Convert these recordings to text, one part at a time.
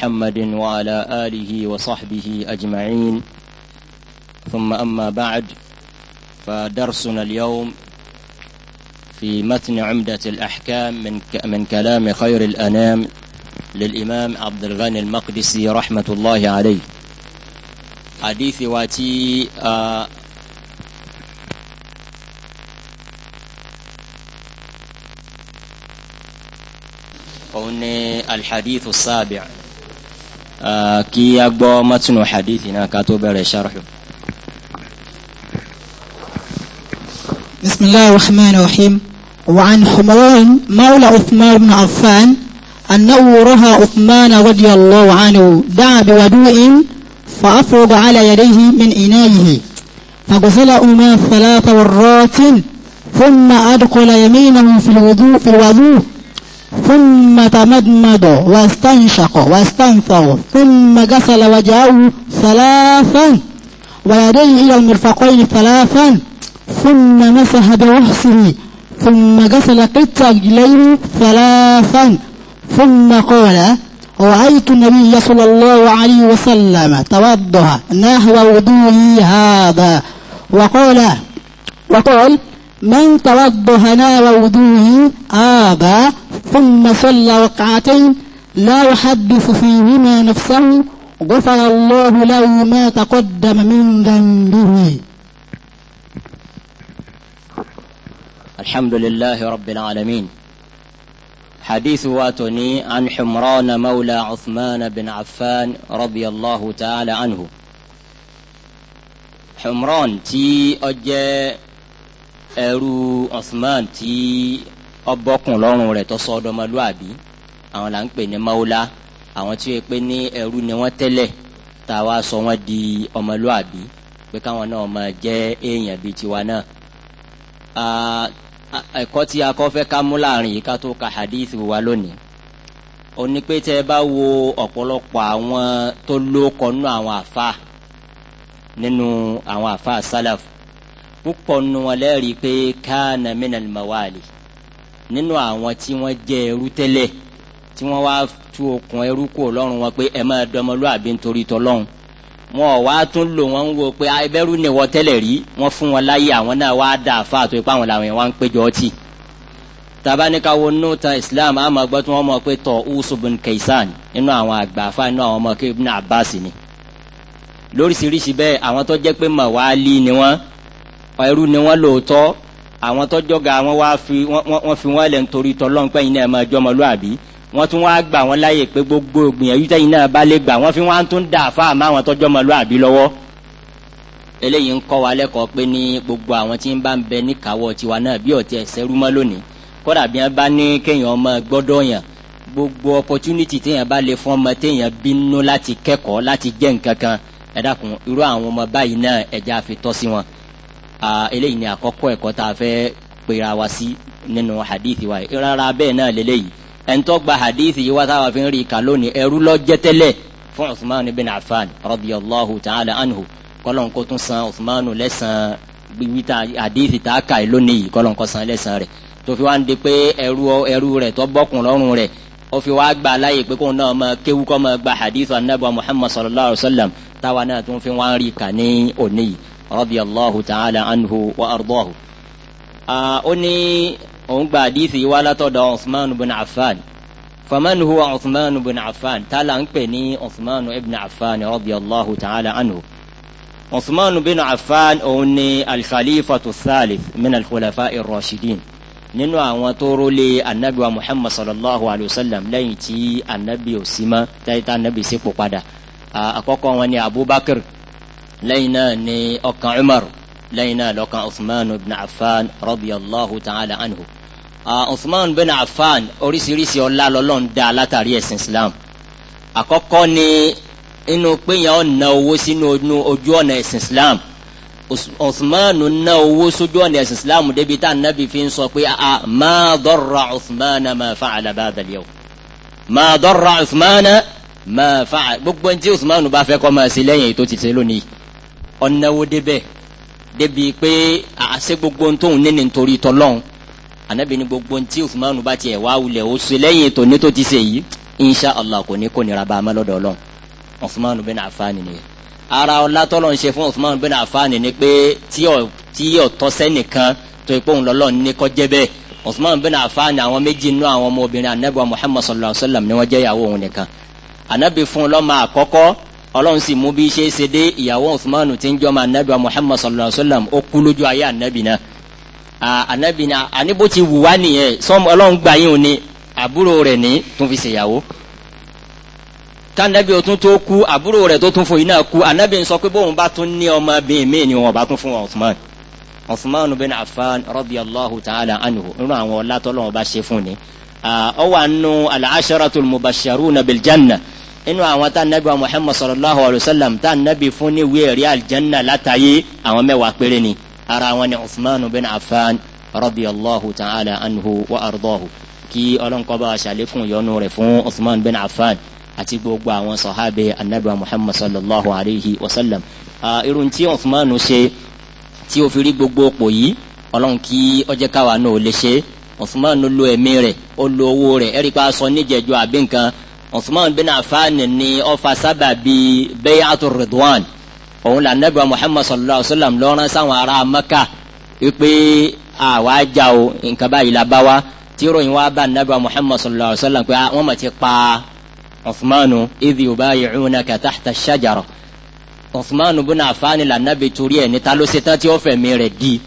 محمد وعلى آله وصحبه أجمعين ثم أما بعد فدرسنا اليوم في متن عمدة الأحكام من من كلام خير الأنام للإمام عبد الغني المقدسي رحمة الله عليه حديث واتي آه الحديث السابع آه، kí a gbọ́ mọ́túnú hadithi náà ká tó bẹ̀rẹ̀ بسم الله الرحمن الرحيم وعن حمران مولى عثمان بن عفان أنه رأى عثمان رضي الله عنه دعا بودوء فأفرض على يديه من إنائه فغسلهما ثلاث مرات ثم أدخل يمينه في الوضوء في الوضوء ثم تمدمد واستنشق واستنثر ثم غسل وجهه ثلاثا ويديه إلى المرفقين ثلاثا ثم مسح برأسه ثم غسل قط رجليه ثلاثا ثم قال رأيت النبي صلى الله عليه وسلم توضأ نحو وضوئي هذا وقال وقال من توضأ نحو وضوئي هذا ثم صلى ركعتين لا يحدث فيهما نفسه غفر الله له ما تقدم من ذنبه الحمد لله رب العالمين حديث واتني عن حمران مولى عثمان بن عفان رضي الله تعالى عنه حمران تي أجا أرو عثمان تي ọbọkùn lọ́rùn rẹ̀ tó sọ ọdọmọlúàbí àwọn là ń pè ní mawula àwọn tí wọ́n pè ní ẹrú ni wọ́n tẹ́lẹ̀ tá a wá sọ wọ́n di ọmọlúàbí pé káwọn náà máa jẹ́ èèyàn bíi tiwa náà. ẹ̀kọ́ tí a kọ́ fẹ́ ká mú láàrin yìí ká tó ka hadith wa lónìí ó ní pé tẹ́ ẹ bá wo ọ̀pọ̀lọpọ̀ àwọn tó lóko nínú àwọn àfa nínú àwọn àfa salaf púpọ̀ nínú wọn lẹ́rìí pé kana minal mawali nínú àwọn tí wọ́n jẹ́ ẹrú tẹ́lẹ̀ tí wọ́n wá tú okùn ẹrú kò lọ́rùn wọn pé ẹ máa dọmọlúàbí nítorí tọlọ́run wọn ò wá tún lò wọ́n ń wo pé ẹbẹ́rú ni wọ́n tẹ́lẹ̀ rí wọ́n fún wọn láyé àwọn náà wá dà fà tó ipá wọn làwọn yẹn wá ń péjọ ọtí tabanika wo nínú ta islam àmọ́ gbọ́ tí wọ́n mọ̀ pé tọ̀ usubun kaisan nínú àwọn àgbàfà nínú àwọn ọmọ kébí ní abbas ni lóríṣiríṣi bẹ́ẹ̀ àwọn tó jẹ́ pé mawali ni wọ́n ẹrú ni wọ́n lóòótọ́ àwọn tọ́jọ́ ga wọ́n wá fi wọ́n fi wọ́n lẹ̀ nítorí tọ́lọ́ nípa yìí náà máa jọ ọmọlúwàbí wọ́n tún wá gbà wọ́n láàyè pé gbogbo gbìyànjú tẹ́yìn náà bá lè gbà wọ́n fi wọ́n tún dà fáà má àwọn tọ́jọ́ ọmọlúwàbí lọ́wọ́ eléyìí ń kọ́ wa lẹ́kọ̀ọ́ pé ní gbogbo àwọn tí ń bá ń bẹ níkàwọ́ tiwa náà bí ọ̀tí ẹ̀sẹ̀ rúmọ́ lónìí kódà bí wọ́n bá ní opportunity téèyàn bá lè fún ọmọ téèyàn bínú láti kẹ́kọ̀ọ́ láti jẹ́ nǹkan kan ẹ dákun irú àwọn ọmọ eléyìí ni àkọ́kọ́ ẹ̀kọ́ tá a fẹ́ pera wa sí nínú hadith wa yìí rárá bẹ́ẹ̀ náà lélẹ́yìí ẹ̀ńtọ́ gba hadith yìí wá táwa fi ń rí i kà lónìí ẹrú ló jẹ́ tẹ́lẹ̀ fún Uthman bin Affan radiyallahu ta'ala anhu kọ́lọ́n kó tún san Uthman lẹ́sàn-án gbígbí ta hadith tá a kà í lónìí kọ́lọ́n kó san lẹ́sàn-án rẹ̀ tó fi wá ń di pé ẹrú ẹrú rẹ̀ tó bọ́kùn lọ́rùn rẹ̀ ó fi wá gba aláyè pé kóun náà máa kéwú kó máa gba hadith anabi Muhammad sallallahu alayhi wa sallam táwa náà tún fi wá ń rí i kà ní òní yìí radiyallahu ta'ala anhu wa ardọ́hu. ó ní òun gba àdìsí wa látọ̀dọ̀ usman bin affan faman huwa usman bin affan tala ń pè ní usman ibn affan radiyallahu ta'ala anhu. usman bin affan òun ni alkhalifatu thalith min alkhulafa irrashidin nínú àwọn tó rólé anabi wa muhammad sallallahu alayhi wa sallam lẹ́yìn tí anabi ò sí anabi sí pò padà àkọ́kọ́ abubakar lẹ́yìn náà ni ọkàn Umar lẹ́yìn náà lọ́kàn Uthman ibn Affan radiyallahu ta'ala anhu Uthman ibn Affan oríṣiríṣi ọlá lọ́lọ́run dá látàrí ẹ̀sìn Islam àkọ́kọ́ ni inú péyàn ọ̀nà owó sínú ojú ọ̀nà ẹ̀sìn Islam Uthman ná owó sójú ọ̀nà ẹ̀sìn Islam débi tá ànábì fi ń sọ pé a ma darra Uthman ma fa'ala ba'da al-yawm ma darra Uthman ma fa'ala gbogbo ntí Uthman bá fẹ́ kọ́ máa ṣe lẹ́yìn èyí tó ti ṣe lónìí ọ̀nàwó débẹ̀ débi pé àṣẹ gbogbo tóun níní nítorí tọ́lọ́hún anabi ni gbogbo ntí Usmanu bá tiẹ̀ wá wulẹ̀ o ṣe lẹ́yìn tòní tó ti ṣe yìí insha allah kò ní kò nira bá a má lọ́dọ̀ Ọlọ́run Usmanu bin Affan nìyẹn ara ọlátọ́lọ́ ń ṣe fún Usmanu bin Affan ni pé tí ọ̀tọ́ sẹ́nìkan tó ipò ń lọ́lọ́ ní kó jẹ́ bẹ́ẹ̀ Usmanu bin Affan àwọn méjì nínú àwọn anabi wa Muhammadu sallallahu alayhi wa sallam ni wọ́n jẹ́ ìyàwó òun nìkan anabi fún lọ́mọ àkọ́kọ́ ọlọ́run sì mú bí ṣe ṣe dé ìyàwó Uthmanu tí ń jọ́ ma anabi Muhammad sallallahu alayhi wa sallam ó kú lójú ayé anabi náà anabi náà àníbó ti wù wá nìyẹn sọm ọlọ́run gbà yín òní àbúrò rẹ̀ ní tún fi ṣèyàwó tànàbí o tún tó kú àbúrò rẹ̀ tó tún fún yín náà kú anabi sọ pé bóun bá tún ní ọmọ bíi mí ni wọn bá tún fún Uthman Uthman bin Affan radiyallahu ta'ala anhu nínú àwọn ọlá tọ́lọ́run bá ṣe fún ni ọwọ́ àánú al-asharatul mubashsharuna bil inú àwọn tá nabi wa muhammad sallallahu alayhi wa sallam tá nabi fún ní wíẹ̀rí aljanna látàyé àwọn mẹ́wàá péré ni ara wọn ni usman bin affan radiyallahu ta'ala anhu wa ardahu kí ọlọ́nkọ́ba aṣàlékún yọnu rẹ̀ fún usman bin affan àti gbogbo àwọn sọ̀hábẹ́ anabi wa muhammad sallallahu alayhi wa sallam irun tí usman ṣe tí o fi rí gbogbo òpò yìí ọlọ́run kí ọjẹ́ káwa náà ò lè ṣe usman lo ẹ̀mí rẹ̀ ó lo owó rẹ̀ ẹ̀rí pa aṣọ níjẹ̀jọ́ àbí Uthman bin Affan ni ọfà sábàbí bay'atu ridwan òun là nẹ́bà Muhammad sallallahu alayhi wa sallam lọ́rán sáwọn ará Maka wípé àwa jà o nǹkan báyìí la bá wa tí ròyìn wa bá nẹ́bà Muhammad sallallahu alayhi wa sallam pé ah, wọ́n mà ti pa Uthmanu idh yubayi'unaka tahta ash-shajara Uthmanu bin Affan là nẹ́bà torí ẹ̀ níta ló ṣe tán di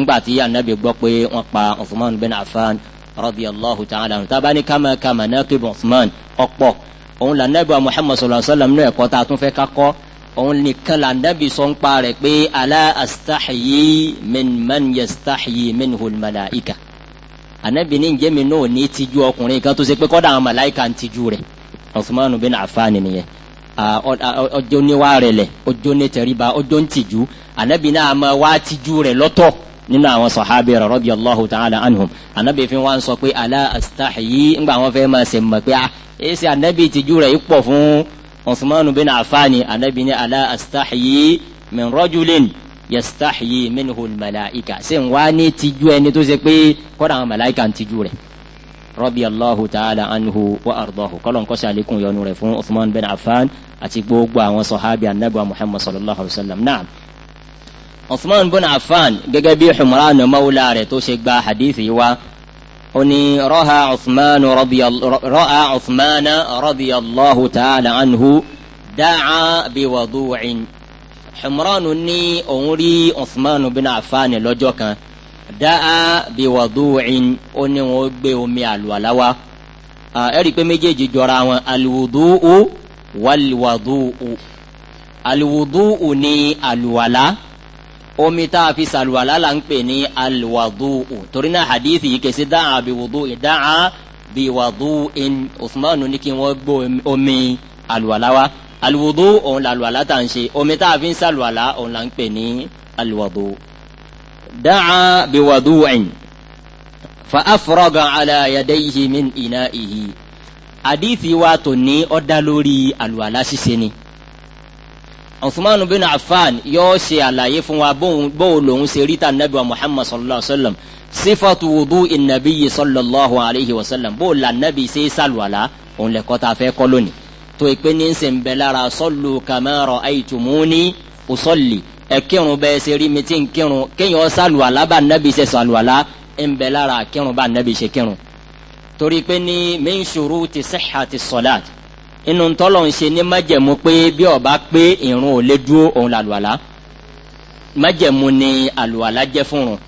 ńgbà tí ànẹ́bà gbọ́ pé wọ́n pa Uthmanu bin Affan radiyallahu ta'ala tabani kama kama naqib Uthman ọ̀pọ̀ òun là nẹ́bà Muhammad sallallahu alayhi wa sallam náà ẹ̀kọ́ tá a tún fẹ́ ká kọ́ òun nìkan là nẹ́bì sọ ń pa rẹ̀ pé ala astahyi min man yastahyi minhul malaika anabi ní njẹ́ mi náà ní tijú ọkùnrin kan tó ṣe pé kọ́dà àwọn màláìka ń tijú rẹ̀ Uthman bin Affan nìyẹn ọjọ́ níwá rẹ̀ lẹ̀ ọjọ́ ní tẹríba ọjọ́ ń tijú anabi náà máa wá tijú rẹ̀ lọ́tọ̀ nínú àwọn sọ̀hábì radiyallahu ta'ala anhum anabi fi wọn sọ pé ala astahi ngbà wọn fẹ́ máa ṣe mọ̀ pé ah èsì anabi tìjú rẹ̀ pọ̀ fún Usman bin Affani anabi ní ala astahi min rajulin yastahi minhu al-malaika ṣe ń wá ní tìjú ẹni tó ṣe pé kọ́dà àwọn màláìka ń tìjú rẹ̀ radiyallahu ta'ala anhu wa ardahu kọ́lọ́n kọ́sí Usman bin Affan gẹ́gẹ́ bí Humran mawla rẹ̀ tó ṣe gba hadithi wa ó ní rọ́ha Usman rọ́ha Usman radiyallahu ta'ala anhu da'a bi wadu'in Humran ní òun rí Usman bin Affan lọ́jọ́ kan da'a bi wadu'in ó ní wọ́n omi àlùwàlá wá ẹ rí méjèèjì jọra wọn alwudu'u walwadu'u alwudu'u ní àlùwàlá omi tá a fi sàlùwàlá là ń pè ní alwadu'u torí náà hadithi yìí kèsì dáa bí wudu'i dáa bí wadu'in Uthman ní kí wọ́n gbó omi alùwàlá wa alwudu òun là alùwàlá tá n ṣe omi tá a fi ń sàlùwàlá òun là ń pè ní alwadu dáa bí wadu'in fa afraga ala yadayhi min ina'ihi hadithi wa tó ní ó dá lórí alùwàlá ṣíṣe ni. Uthman bin Affan yóò ṣe àlàyé fún wa bóun lòun ṣe ríta nabi wa Muhammad sallallahu alayhi wa sallam sifatu wudu inabiyi sallallahu alayhi wa sallam bóun la nabi ṣe salwala òun lè kọ́ta fẹ́ kọ́ lónìí tó ìpè ní sìn bẹ́ẹ̀ lára sallu kama ra'aytumuni usalli ẹ kírun bẹ́ẹ̀ ṣe rí mi tí ń kírun kéèyàn salwala bá nabi ṣe salwala ń kírun bá nabi ṣe kírun torí pé ní min shuruti sihhati salati inú tọ́lọ̀ ń ṣe ní májẹ̀mú pé bí ó bá pé ìrun ò lè dúró òun làlùwàlá májẹ̀mú ni àlùwàlá jẹ́ fúnrun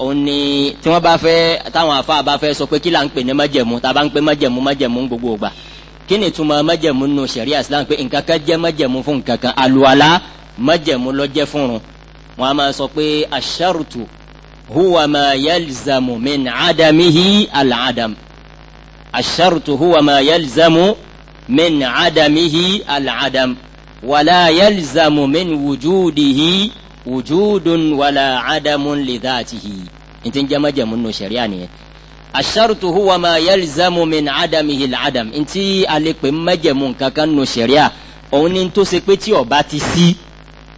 ó ní tí wọ́n bá fẹ́ táwọn afa bá fẹ́ sọ pé kí là ń pè ní májẹ̀mú tá a bá ń pè májẹ̀mú májẹ̀mú gbogbo ògbà kí ni ìtumọ̀ májẹ̀mú nù sẹ̀ríà Islam pé nǹkan kan jẹ́ májẹ̀mú fún nǹkan kan àlùwàlá májẹ̀mú ló jẹ́ fúnrun wọn a máa sọ pé aṣarutu huwa ma min adamihi al-adam aṣarutu huwa ma min adamihi al'adam wala yalzamu min wujudihi wujudun wala adamun lidhatihi inti n jama jamu nu sharia ni ye asharutu huwa ma yalzamu min adamihi al'adam inti ale pe majamu kankan nu sharia òun ni tó ṣe pé tí ó bá ti sí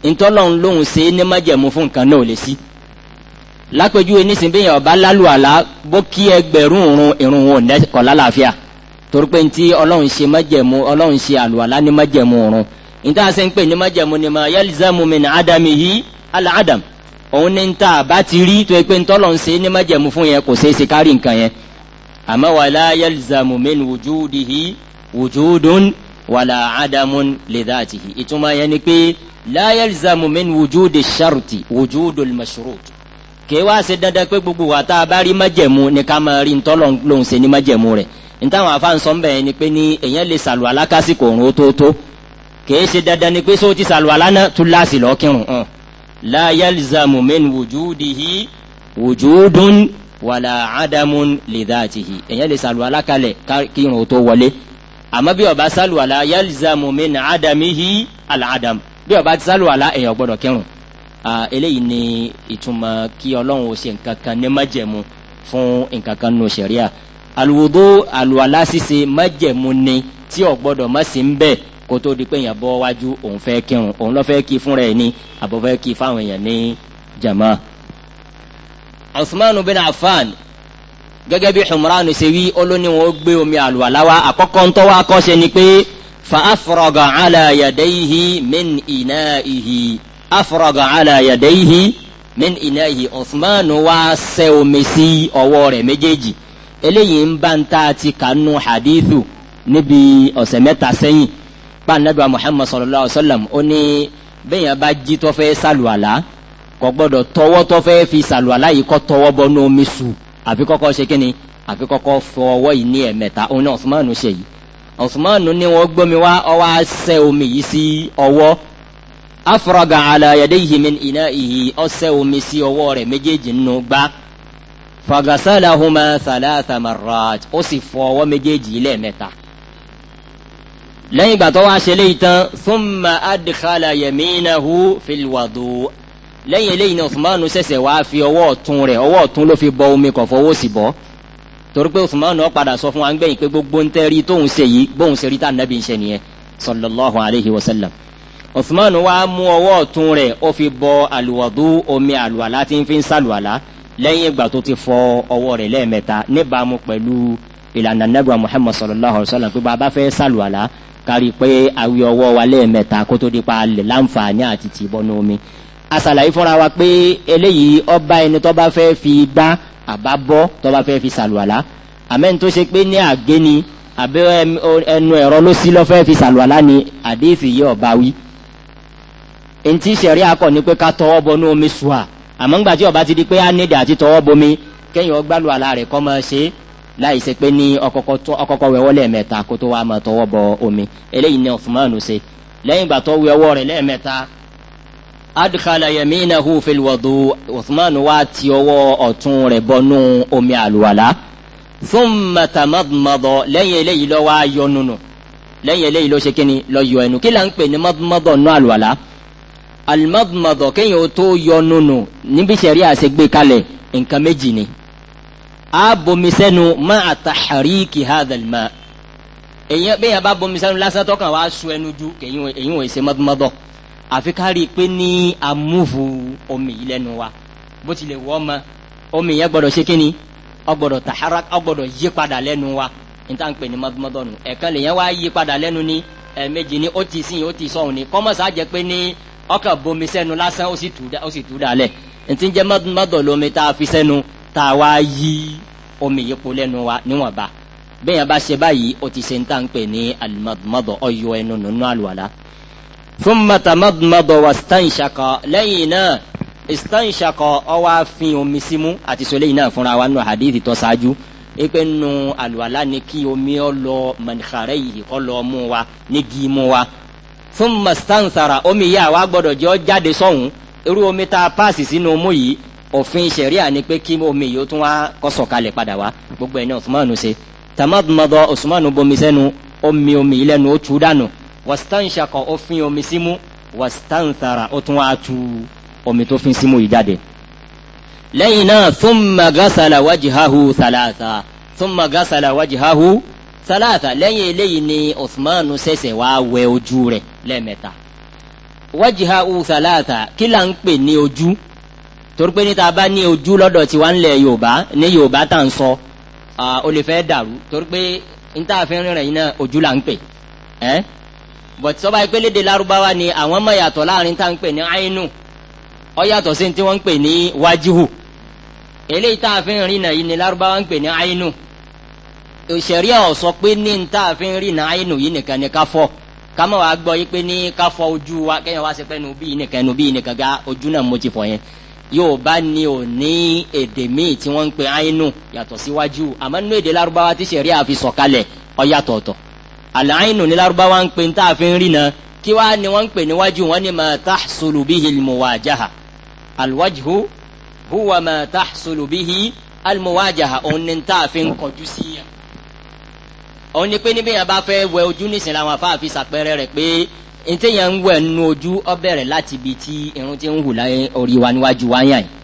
ntọ́lọ́n lóhùn ṣe ní majamu fún nǹkan náà ò lè sí lápẹjúwe nísìnyí bí ó bá lálù àlá bó kí ẹgbẹ̀rún irun irun wọn kọ̀ lálàáfíà. La torí pé ntí ọlọ́run ṣe májẹ̀mú ọlọ́run ṣe àlùwàlá ní májẹ̀mú ọ̀run níta ṣe ń pè ní májẹ̀mú ni ma yalzamu min adamihi ala adam òun ní ta bá ti rí tó yẹ pé ntọ́lọ́ ń ṣe ní májẹ̀mú fún yẹn kò ṣeé ṣe kárí nǹkan yẹn àmọ́ wala yalzamu min wujudihi wujudun wala adamun lidhatihi ìtumọ̀ yẹn ni pé la yalzamu min wujudi sharti wujudul mashrut kí wá ṣe dandan pé gbogbo wa tá a bá rí májẹ̀mú ni ká máa rí ntọ́lọ́ ń ṣe ní májẹ̀mú ntàwọn afáǹsọ ń ni pé ní èyàn lè sàlù alákàsíkò òrùn ó tóótó kìí ṣe dandan ni pé sọ ti sàlù aláná tún láàsì lọ́kìrùn hàn la yalzamu min wujudihi wujudun wàlà ádámùn lidhatihi èyàn lè sàlù alákàlẹ̀ kírun ó tó wọlé àmọ́ bí ó bá sàlù alá yalzamu min ádámìhì aládàm bí ó bá ti sàlù alá èyàn gbọ́dọ̀ kírun eléyìí ni ìtumọ̀ kí ọlọ́run ó ṣe nǹkan kan ní májẹ̀mú fún nǹkan kan nù ṣẹ̀ríà àlùwòdó àlùwàlá ṣíṣe májẹ̀mú ni tí ò gbọ́dọ̀ má sí ń bẹ̀ kó tó di pé yẹn bọ́ wájú òun fẹ́ kírun òun lọ́ fẹ́ kí fúnra ẹ̀ ní àbọ̀ fẹ́ kí fáwọn èèyàn ní jama. Usmanu bin Affan gẹ́gẹ́ bí Humranu ṣe wí olóní wọn gbé omi àlùwàlá wa àkọ́kọ́ ń tọ́wọ́ akọ́ṣe ni pé fa afraga ala yadayhi min ina'ihi afraga ala yadayhi min ina'ihi Usmanu wa ṣẹ́ omi sí ọwọ́ rẹ̀ méjèèjì eléyìí ń bá ń ta ti kanu hadithu níbi ọ̀sẹ̀ mẹ́ta sẹ́yìn pa anabi muhammad sallallahu alaihi wa sallam ó ní bẹ́ẹ̀ yẹn bá jí tó fẹ́ sàlùwàlá kò gbọ́dọ̀ tọwọ́ tó fẹ́ fi sàlùwàlá yìí kọ́ tọwọ́ bọ́ ní omi sùn àfi kọ́kọ́ ṣe kíni àfi kọ́kọ́ fọ ọwọ́ yìí ní ẹ̀mẹ́ta òun ní ọ̀sùnmánu ṣe yìí ọ̀sùnmánu ni wọ́n gbómi wá ọwọ́ ṣẹ omi yìí sí ọwọ́ afraga ala yadayhi min ina'ihi omi sí ọwọ́ rẹ̀ méjèèjì nù gbá fagasalahuma thalatha marrat ó sì fọ ọwọ́ méjèèjì lẹ́ẹ̀mẹ́ta lẹ́yìn ìgbà tó wá ṣe léyìí tán thumma adkhala yaminahu fil wadu lẹ́yìn eléyìí ni Uthmanu ṣẹ̀ṣẹ̀ wá fi ọwọ́ ọ̀tún rẹ̀ ọwọ́ ọ̀tún ló fi bọ omi kọ̀ fọwọ́ sí bọ́ torí pé Uthmanu ó padà sọ fún wa gbẹ̀yìn pé gbogbo ń tẹ́rí tóun ṣe yìí bóun ṣe rí tá nàbí wa mú ọwọ́ ọ̀tún rẹ̀ ó fi bọ àlùwàdú omi àlùwàlá tí ń fi ń sàlùwàlá lẹ́yìn ìgbà tó ti fọ ọwọ́ rẹ̀ lẹ́ẹ̀mẹ́ta níbàámu pẹ̀lú ìlànà nẹ́gbà muhammed sallallahu alayhi wa sallam pé bàbá fẹ́ sàlùwàlà kárí pé awi ọwọ́ wa lẹ́ẹ̀mẹ́ta kó tó di pa lè láǹfààní àti tì bọ́nú omi. asàlàyé fúnra wa pé eléyìí ọba ẹni tó bá fẹ́ fi gbá àbá bọ́ tó bá fẹ́ fi sàlùwàlà àmẹ́ni tó ṣe pé ní àgéni àbẹ́ ẹnu ẹ̀rọ ló sí lọ́fẹ́ fi sàlùwàlà ni àdéhìí yìí ọba wí. ntí sẹ̀rí akọ ni pé ká tọwọ́ bọ́nú omi sùn à àmọ́ ńgbà tí ọba ti di pé á nídìí àti tọwọ́ bomi kẹ́yìn ọgbàlù àlá rẹ̀ kọ́ máa ṣe láì ṣe pé ní ọkọ̀kọ̀ wẹ̀wọ́ lẹ́ẹ̀mẹ́ta kó tó wá máa tọwọ́ bọ omi eléyìí ni Uthman ṣe lẹ́yìn ìgbà tó wẹ ọwọ́ rẹ̀ lẹ́ẹ̀mẹ́ta adkhala yaminahu fil wudu Uthman wá ti ọwọ́ ọ̀tún rẹ̀ bọnú omi àlùwàlá thumma tamadmada lẹ́yìn eléyìí ló wá yọ alimọ́dùmọ́dọ̀ kéèyàn ó tó yọ nùnù níbi sẹ̀rí àṣegbè kalẹ̀ nǹkan méjì ni a bomi sẹ́nu má a ta xaríkì hadalima èyàn bẹ́ẹ̀ yẹn bá bomi sẹ́nu lásán tó kàn wá su ẹnu ju èyàn ò ṣe mọ́dùmọ́dọ̀ àfi pé ní amúfu omi yìí lẹ́nu wa bó tilẹ̀ wọ́ ma omi yẹn gbọ́dọ̀ ṣe kínni ó gbọ́dọ̀ tahara ó gbọ́dọ̀ yí padà lẹ́nu wa n ta ní mọ́dùmọ́dọ̀ nù ẹ̀kan lèyàn wá yí padà lẹ́nu ní ẹ̀ẹ̀mejì ní ó ti sìn ó ti sọ̀hún ní kọ́mọ́sá jẹ́ pé ní ọkàn bomi sẹ́nu lásán ó sì tù dálẹ̀ ntí ń jẹ́ mọ́tò lomi tá a fi sẹ́nu tá a wá yí omi yìí po lẹ́nu wa níwọ̀nba bẹ́ẹ̀ yẹn bá ṣe báyìí ó ti ṣe ń tàn pé ní alimadumadu ọyọ ẹnu nínú àlùwàlá. fún matamadumadu wa stanṣakọ lẹ́yìn náà stanṣakọ ọwọ́ àfin omi símú àti sọlẹ́ yìí náà fúnra wa nù hadithi tó ṣáájú ipe nu àlùwàlá ni kí omi ọ lọ yìí kọ́ lọ wa ní gímú wa fún mọ̀sánsara omi yìí àwa gbọ́dọ̀ jẹ́ ọ jáde sọ́hùn irú omi tá a paasi sínú mú yìí òfin ṣẹ̀ríà ni pé kí omi yìí ó tún wá kó sọ̀kalẹ̀ padà wá gbogbo ẹ̀ ní Usmanu ṣe tamadumadu Usmanu bomi sẹ́nu omi omi yìí lẹ́nu ó tu dànù wastanṣakọ ó fin omi símú wastansara ó tún wá tu omi tó fin símú yìí jáde lẹ́yìn náà thumma gasala wajihahu thalatha thumma gasala wajihahu. Salata lẹ́yìn eléyìí ni Uthmanu ṣẹ̀ṣẹ̀ wá wẹ ojú rẹ̀ lẹ́ẹ̀mẹ́ta wajha u thalatha kí là ń pè ní ojú torí pé níta bá ní ojú lọ́dọ̀ tí wà ń lẹ̀ Yorùbá ní Yorùbá tá à ń sọ o lè fẹ́ dàrú torí pé níta àfihàn rẹ̀ yìí náà ojú là ń pè ẹ́ bọ̀tí sọ́ba ìpélédè Lárúbáwá ni àwọn mọ̀ yàtọ̀ láàrin tá à ń pè ní àínú ọ yàtọ̀ sí ti wọ́n ń pè ní wájíhù eléyìí tá àfihàn rìn náà yìí ni Lárúbáwá ń pè ní àínú ìṣẹ̀rí ọ̀ sọ pé ní níta fi ń rí náà àyínú yìí nìkan ní ká fọ́ ká mọ̀ wá gbọ́ yìí pé ní ká fọ́ ojú wa kéèyàn wá sí pé nu bíi nìkan nu bíi nìkan ga ojú náà mo ti fọ̀ yẹn yóò bá ní ò ní èdè míì tí wọ́n ń pe àyínú yàtọ̀ síwájú àmọ́ nínú èdè lárúbáwá tí ṣẹ̀rí àfi sọ̀kalẹ̀ ọ̀yàtọ̀ọ̀tọ̀ àlàyínú ní lárúbáwá ń pe níta fi ń rí náà kí wá ni wọ́n ń pè níwájú wọn ni ma tahsulu bihi almuwajaha alwajhu huwa ma tahsulu òun ni níta fi ń kọjú sí òun ni pé níbi yẹn bá fẹ́ wẹ ojú nísìnyí làwọn afáàfi sàpẹrẹ rẹ̀ pé ntẹ yẹn ń wẹ nu ojú ó bẹ̀rẹ̀ láti ibi tí irun ti ń hù láyé orí wa níwájú wa yàn yìí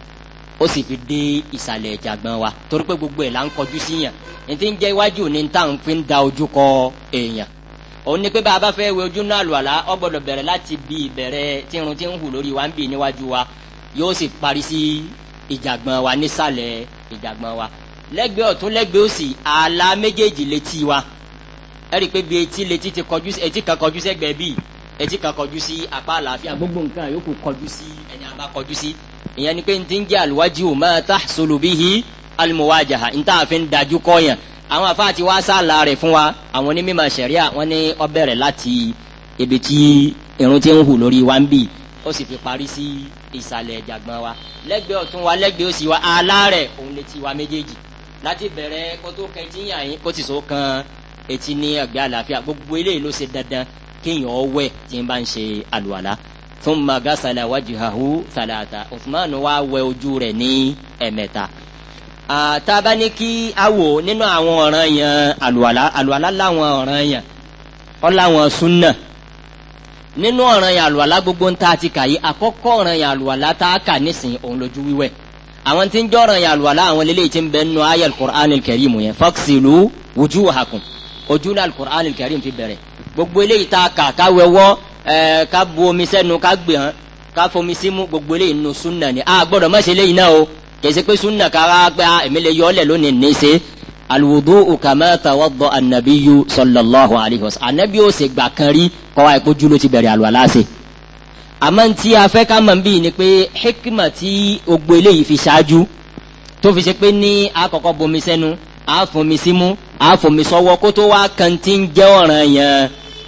ó sì fi dé ìsàlẹ̀ ìjàgbọ́n wa torí pé gbogbo ẹ̀ là ń kọjú sí yàn ntẹ ń jẹ́ iwájú ní ta ń fi ń da ojú kọ èèyàn òun pé bá a bá fẹ́ wẹ ojú náà lọ àlá ó bẹ̀rẹ̀ láti bí ìbẹ̀rẹ̀ tí irun ti ń hù lórí wa ń bì níwájú wa yóò sì parí sí ìjàgbọ́n wa nísàlẹ̀ ìjàgbọ́n lẹ́gbẹ̀ẹ́ ọ̀tún lẹ́gbẹ̀ẹ́ òsì ààlà méjèèjì létí wa ẹ rí i pé bí etí létí ti kọjú etí kan kọjú sẹ́gbẹ̀ẹ́ bíi etí kan kọjú sí apá àlàáfíà gbogbo nǹkan yòókù kọjú sí ẹni àbá kọjú sí ìyẹn ni pé n ti ń jẹ́ àlùwájú ma tahsulu bihi almuwajaha n táà fi ń dájú kọ́yàn àwọn afá ti wá sáàlà rẹ̀ fún wa àwọn onímọ̀ ṣẹ̀ríà wọ́n ní ó bẹ̀rẹ̀ láti ibi tí irun ti ń hù lórí wa ń bì ó sì fi parí sí ìsàlẹ̀ ìjàgbọ́n wa lẹ́gbẹ̀ẹ́ ọ̀tún wa lẹ́gbẹ̀ẹ́ òsì wa aláàrẹ̀ òun létí wa méjèèjì láti bẹ̀rẹ̀ kótó kẹtíyàn yín kó ti so kan etí ní ẹgbẹ́ àlàáfíà gbogbo eléyìí ló ṣe dandan kéèyàn ọwẹ́ tí n bá ń ṣe àlùwàlá fún magasala wajhahu thalatha Uthman wa wẹ ojú rẹ̀ ní ẹ̀mẹ́ta àtàbáni kí awo nínú àwọn ọ̀ràn yẹn àlùwàlá àlùwàlá láwọn ọ̀ràn yẹn ọ̀làwọn súnà nínú ọ̀ràn yẹn àlùwàlá gbogbo ń ta ti kà yí àkọ́kọ́ ọ̀ràn yẹn àlùwàlá tá a kà nísìnyí òun lójú wíwẹ̀ àwọn tí ń jọ́ràn yà lùwàlá àwọn lélẹ́yìí tí ń bẹ nù ayé alukur'an alkarim yẹn faksilu wujuhakum ojú ní alukur'an alkarim ti bẹ̀rẹ̀ gbogbo eléyìí tá a kà ká wẹwọ́ ẹ ká bu omi sẹ́nu ká gbé hàn ká fomi símú gbogbo eléyìí nù sunna ni a gbọ́dọ̀ má ṣe eléyìí náà o kèsì pé sunna kára pé a ah, èmi lè yọ ọ́ lẹ̀ lónìí ní ṣe alwudu kama tawadda anabiyu sallallahu alayhi wa sallam anabi ó kọ́ wa ìkójú ló ti bẹ̀rẹ̀ àlùwàlá àmọ́ tí a fẹ́ ká mọ̀ bí ni pé hekima tí ogbo eléyìí fi ṣáájú tó fi ṣe pé ní àkọ́kọ́ bomi sẹ́nu àfomi símú àfomi sọ́wọ́ kó tó wá kan tí ń jẹ́ ọ̀ràn yẹn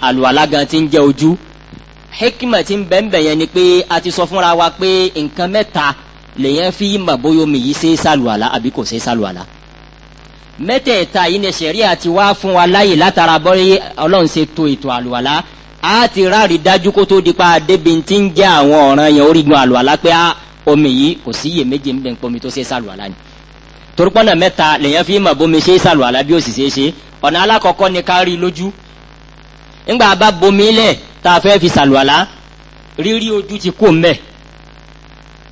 àlùwàlá gan tí ń jẹ́ ojú hikima tí ń bẹ́ẹ̀nbẹ́ẹ̀ yẹn ni pé a ti sọ fúnra wa pé nǹkan mẹ́ta lèyẹn fi mọ̀ bóyá omi yìí ṣe é sàlùwàlá àbí kò ṣe é sàlùwàlá mẹ́tẹ̀ẹ̀ta yìí ni sẹ̀ríà ti wá fún wa láyè látara bọ́rí ọlọ́run ṣe to ètò àlùwàlá a ti ráàrí dájú kó tó di pa débi tí ń jẹ́ àwọn ọ̀ràn yẹn orígun àlùwàlá pé a ah, omi yìí kò sí iye méje ń bẹ̀ ń pọmi tó ṣe sàlùwàlá ni torípọ́nà mẹ́ta lèyàn fi mọ̀ bómi ṣe sàlùwàlá bí ó sì ṣe é ṣe ọ̀nà alákọ̀ọ́kọ́ ni ká rí lójú ńgbà bá bomi lẹ̀ tá a fẹ́ fi sàlùwàlá rírí ojú ti kó mbẹ́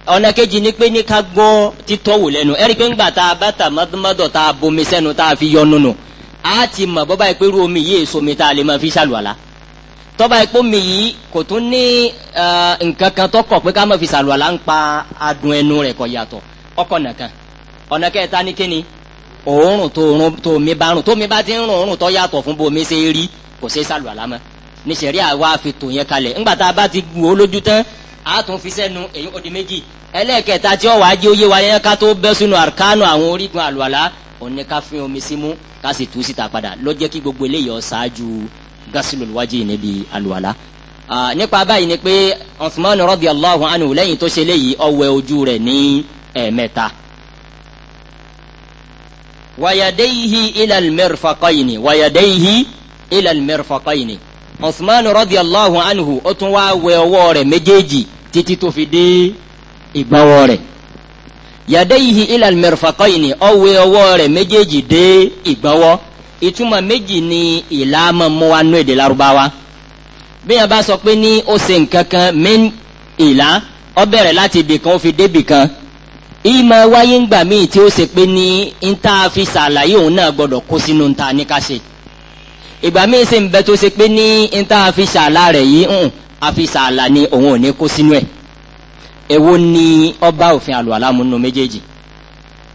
ọ̀nà kejì ni pé ní ká gbọ́ títọ́ wò lẹ́nu ẹ̀rí pé ńgbà tá a bá tà mọ́dọ̀ tá a bomi sẹ́nu tá a fi yọ nùnù a ti mọ̀ bọ́bá ìpérú omi yìí èso mi tá a lè máa fi sàlùwàlá tọ́ba epo mi yìí kò tún ní nǹkan kan tó kọ̀ pé ká má fi sàlùwàlà ń pa adùn ẹnu rẹ̀ kọ̀ yàtọ̀ ọkọ̀ nìkan ọ̀nà kẹta ní kíni òórùn tó òórùn tó mi bá rùn tó mi bá ti ń rùn òórùn tó yàtọ̀ fún bomi ṣe rí kò ṣe sàlùwàlà mọ́ ní sẹ̀rí àwa fi tò yẹn kalẹ̀ ńgbà tá a bá ti wò ó lójú tán a tún fi sẹ́nu èyí ó méjì ẹlẹ́ẹ̀kẹta tí ọ̀wá jẹ́ òye wa yẹn ká tó bẹ́ sínú àrkánù àwọn orígun àlùwàlà òun ká fi omi símú ká sì tú síta padà ló jẹ́ kí gbogbo eléyìí ó ṣáájú gasilul wajhi níbi àlùwàlá. nípa báyìí ni pé Usman radiyallahu anhu lẹ́yìn tó ṣe léyìí ó wẹ ojú rẹ̀ ní ẹ̀ẹ̀mẹ́ta. wa yadayhi ilal mirfaqayni wa yadayhi ilal mirfaqayni. Usman radiyallahu anhu ó tún wá wẹ ọwọ́ rẹ̀ méjèèjì títí tó fi dé ìgbàwọ́ rẹ̀ yàdéyìí ilà mẹrùfàkọ́yìnì ọwọ́ ọwọ́ rẹ̀ méjèèjì dé ìgbọ́wọ́ ìtumọ̀ méjì ni ìlà máa mú wa nú èdè lárúbáwá bí yẹn bá sọ pé ní ó ṣe nǹkan kan min ìlà ó bẹ̀rẹ̀ láti ibì kan ó fi débì kan ìmọ̀ wáyé ńgbà míì tí ó ṣe pé ní níta fi ṣàlàyé òun náà gbọ́dọ̀ kó sínú níta ní ká ṣe ìgbà míì ṣe ń tó ṣe pé ní níta fi ṣàlà rẹ̀ yìí ń àfi ṣàlà ni òun ò ní kó sínú ẹ̀ èwo ni ọba òfin àlùwàlámù nù méjèèjì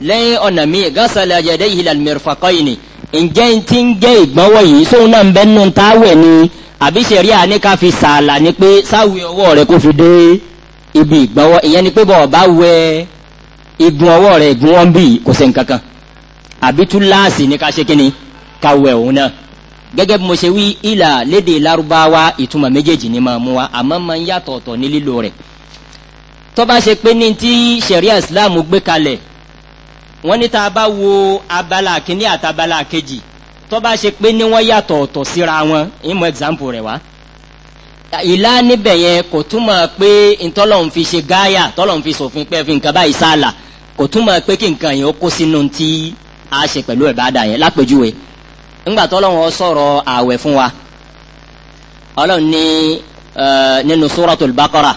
lẹ́yìn ọ̀nà míì ghasala yadayhi lal mirfaqayni ǹjẹ́ n ti ń jẹ́ ìgbọ́nwọ́ yìí sóun náà ń bẹ́ nù táwẹ̀ ni àbí sẹ̀rí àníkà fi sààlà ni pé sáwì ọwọ́ rẹ kó fi dé ibi ìgbọ́nwọ́ ìyẹn ni pé bọ́ọ̀ bá wẹ igun ọwọ́ rẹ igun wọn bì kò sẹ́ nǹkan kan àbí túláàsì ni ká ṣe kínni ká wẹ òun náà gẹ́gẹ́ bí mo ṣe wí ìlà léde lárúbáwá ìtumọ̀ méjèèjì ni máa mú wa àmọ́ máa ń yàtọ̀ ní lílo rẹ̀ tó bá ṣe pé ní ti sẹ̀rí islam gbé kalẹ̀ wọ́n ní tá a bá wo abala kìíní àtabala kejì tó bá ṣe pé ní wọ́n yàtọ̀ ọ̀tọ̀ síra wọn ìmọ̀ example rẹ̀ wá ìlà níbẹ̀ yẹn kò túmọ̀ pé ntọ́lọ́hún fi ṣe gáyà tọ́lọ́hún fi ṣòfin pé fi nǹkan báyìí sáàlà kò túmọ̀ pé kí nǹkan yẹn ó kó sínú tí a ṣe pẹ̀lú ìbádà yẹn lápèjúwe ńgbà tọ́lọ́hún ó sọ̀rọ̀ ààwẹ̀ fún wa ọlọ́run ní nínú suratul baqara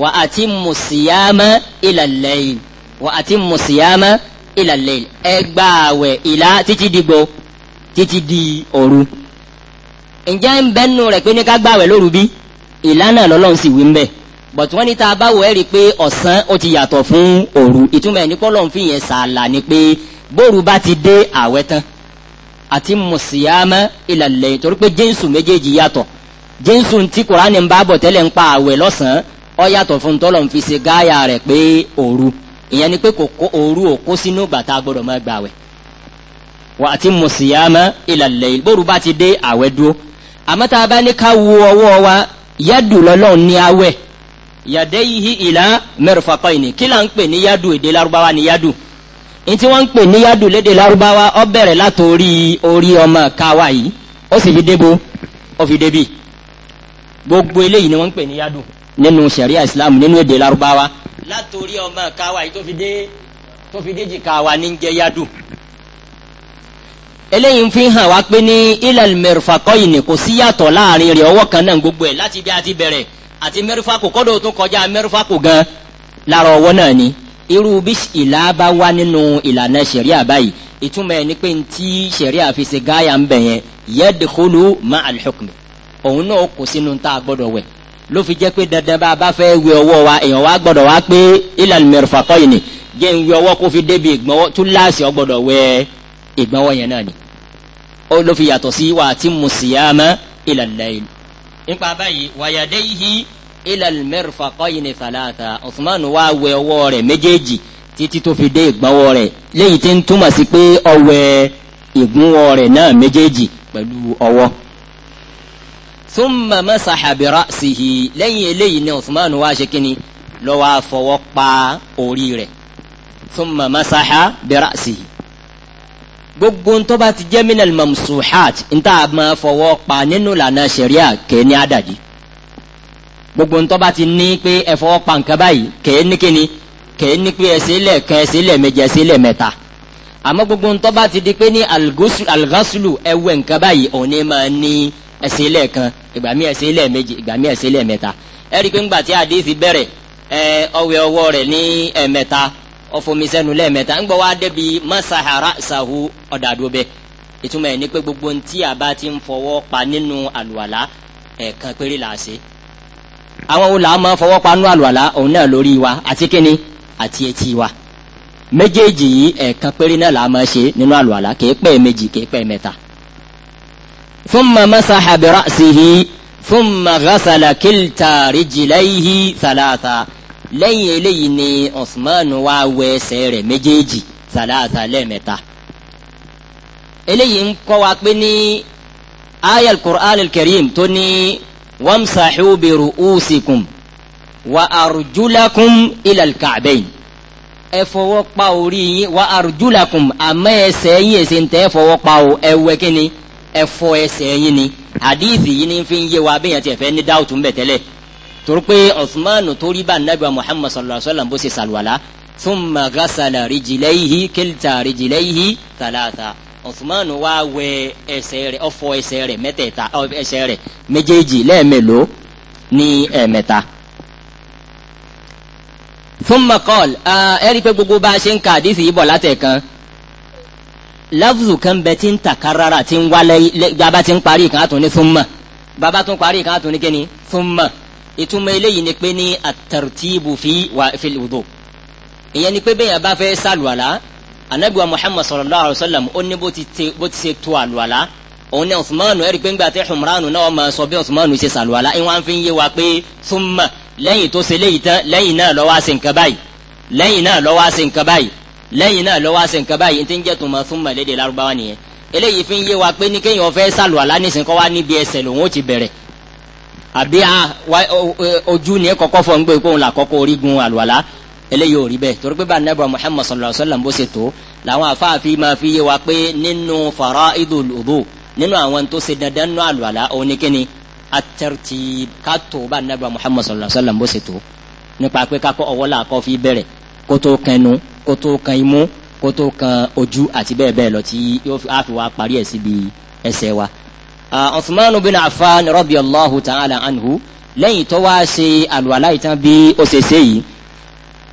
wa atimmu siyama ila al wa atimmu siyama ila al-layl ẹ gba àwẹ̀ ìlà títí di oru ǹjẹ́ ń bẹ́nu rẹ̀ pé ní ká gbàwẹ̀ lóru bí ìlànà lọ́lọ́run sì wí ń bẹ̀ bọ̀tí wọ́n ní tá a bá wò ẹ́ rí i pé ọ̀sán ó ti yàtọ̀ fún òru ìtumọ̀ ẹ̀ ní kọ́lọ́run fi yẹn sààlà ni pé bóru bá ti dé àwẹ̀ tán àti mùsíyámà ìlàlẹ̀ torí pé jésù méjèèjì yàtọ̀ jésù ti kùránì ń bá bọ̀ tẹ́lẹ̀ ń pa àwẹ̀ lọ́sàn-án yàtọ̀ fún tọ́lọ̀ ń fi ṣe gáyà rẹ̀ pé òru ìyẹn ni pé kò kó òru òkó sínú gbàtà gbọ́dọ̀ máa gbààwẹ̀ wà á ti mùsíyàmá ìlàlẹ̀ bóru bá ti dé àwẹ̀ dúró àmọ́ tá a bá ní ká wo ọwọ́ wa yádù lọ́lọ́run ní awẹ́ yàdẹ́yìí ìlà mẹ́rìfàkọ́yìnì kí là ń pè ní yádù èdè lárúbáwá ní yádù ní tí wọ́n ń pè ní yádù lédè lárúbáwá ó bẹ̀rẹ̀ látòrí orí ọmọ káwa yìí ó sì fi débo ó fi débi gbogbo eléyìí ni wọ́n ń pè ní yádù nínú sẹ̀ríà ìsìlámù nínú èdè lárúbáwá látòrí ọmọ káwa yìí tó fi dé tó fi déjì káwa ní jẹ yádù eléyìí ń fi hàn wá pé ní ilal mirfaqayn kò sí yàtọ̀ láàrin rẹ̀ ọwọ́ kan náà gbogbo ẹ̀ láti bí a ti bẹ̀rẹ̀ àti mẹ́rìfàkù kọ́dọ̀ tó kọjá mẹ́rìfàkù gan lára ọwọ́ náà ni irú bí ìlà bá wá nínú ìlànà sẹ̀ríà báyìí ìtumọ̀ ẹ̀ ni pé ní tí sẹ̀ríà fi ṣe gáyà ń bẹ̀ yẹn yadkhulu ma'al òun náà kò sínú tá gbọ́dọ̀ wẹ̀ ló fi jẹ́ pé dandan bá a bá fẹ́ wẹ ọwọ́ wa èèyàn wa gbọ́dọ̀ wá pé ilal mirfaqayni jẹ́ ń wẹ ọwọ́ kó fi débi ìgbọ́wọ́ túláàsì ọ gbọ́dọ̀ wẹ ìgbọ́wọ́ yẹn náà ni ó ló fi yàtọ̀ sí wa atimmu siyama ilal layl nípa báyìí wa yadayhi ilal mirfaqayni thalatha Usman wa wẹ ọwọ́ rẹ̀ méjèèjì títí tó fi dé ìgbọ́wọ́ rẹ̀ léyìí ثم مسح برأسه ra'sihi lẹ́yìn eléyìí ni Uthman wá ṣe ثم مسح برأسه fọwọ́ pa orí rẹ̀ thumma masaha bi ra'sihi gbogbo ń tó bá ti jẹ́ minal mamsuhat ń tà máa fọwọ́ pa nínú lànà ṣẹ̀ríà kẹ́ ní àdàdì gbogbo ń tó bá ti ní pé ẹ fọwọ́ pa nǹkan báyìí kẹ́ ní kíni kẹ́ ní pé ẹsẹ̀ lẹ̀ kan ẹsẹ̀ lẹ̀ méje ẹsẹ̀ lẹ̀ mẹ́ta àmọ́ gbogbo tó bá ti di pé ní alghaslu ẹwẹ́ nǹkan báyìí òní máa ní ẹsẹ ilẹ kan ìgbà mi ẹsẹ ilẹ méjì ìgbà mi ẹsẹ ilẹ mẹ́ta ẹrí pé ńgbà tí àdéhìí bẹ̀rẹ̀ ẹ ọwẹ ọwọ́ rẹ̀ ní ẹ̀mẹ́ta ọfọmisẹnu lẹ́ẹ̀mẹ́ta ńgbọ wa débi masahara sahu ọdàdúró bẹ ìtumọ̀ ẹ̀ ní pé gbogbo ntí àbá ti ń fọwọ́ pa nínú àlùwàlá ẹ̀ẹ̀kan péré là á ṣe àwọn olà máa fọwọ́ pa nínú àlùwàlá òun náà lórí wa àti kíni àti etí wa méjèèjì yìí ẹ̀ẹ̀kan péré náà là á máa ṣe nínú àlùwàlá kì í pẹ́ méjì kì í pẹ́ mẹ́ta. ثم مسح برأسه ثم غسل كلتا رجليه ثلاثا لي لي عثمان واو سير مجيجي ثلاثا لمتا إلي إنكو آية القرآن الكريم تني وامسحوا برؤوسكم وأرجلكم إلى الكعبين افوق باوري وأرجلكم أما سيئ سنتي فوق باو أوكني ẹfọ ẹsẹ̀ yín ni hadithi yìí ni fi ń yé wa bẹ́ẹ̀ yẹn ti ẹ̀fẹ́ ní dáwùtù ń bẹ̀ tẹ́lẹ̀ torí pé Uthmanu torí bá nàbí wa Muhammad sallallahu alayhi wa sallam bó ṣe sàlùwàlà thumma ghasala rijlayhi kilta rijlayhi thalatha Uthmanu wá wẹ ẹsẹ̀ rẹ̀ ọfọ ẹsẹ̀ rẹ̀ mẹ́tẹ̀ẹ̀ta ẹsẹ̀ rẹ̀ méjèèjì lẹ́ẹ̀mẹ́lò ní ẹ̀mẹ́ta. thumma qala ẹ̀rí pé gbogbo bá a ṣe ń ka hadithi yìí bọ̀ látẹ̀kan lafzu kan bẹ ti ń takarara ti ń wálẹ̀ baba ti ń parí kan àtún ní thumma baba tún parí kan àtún ní kíni thumma ìtumọ̀ eléyìí ni pé ní at-tartibu fi wà fil wudu ìyẹn ni pé bẹ́ẹ̀ yẹn bá fẹ́ sàlùwàlá anabiwa muhammad sallallahu alayhi wa sallam ó ní bó ti ṣe tó àlùwàlá òun ní ọ̀sùnmánu ẹ̀rí pé ń gbà tẹ́ Humranu náà máa sọ bí ọ̀sùnmánu ṣe sàlùwàlá ìwọ̀n à ń fi yé wa pé thumma lẹ́yìn tó ṣe léyìí tán lẹ́yìn náà ló wá nǹkan báyìí lẹ́yìn náà ló wá nǹkan báyìí lẹ́yìn náà ló wá ṣe nǹkan báyìí tí ń jẹ́ tuma thumma lédè lárúbáwá nìyẹn eléyìí fi ń yé wa pé ní kéèyàn fẹ́ sàlù alánìsín kọ́ wá níbi ẹsẹ̀ lòun ó ti bẹ̀rẹ̀ àbí ah, ojú ni kọ́kọ́ fọ́ ń gbé kóun là kọ́kọ́ orígun àlùwàlá eléyìí ò rí bẹ́ẹ̀ torí pé bá nẹ́bà Muhammad sallallahu alayhi wa sallam bó ṣe tó làwọn afáàfin máa fi yé wa pé nínú fara'idul wudu nínú àwọn tó ṣe dandan nínú àlùwàlá òun ni kíni at-tartib kótó kẹnu kótó kan imú kótó kan ojú àti bẹ́ẹ̀ bẹ́ẹ̀ lọ tí yóò fi àfi wá parí ẹ̀ síbi ẹsẹ̀ wa. Uthman bin Affan radiyallahu ta'ala anhu lẹ́yìn tó wá ṣe àlùwàlá ìtàn bí ó ṣe ṣe yìí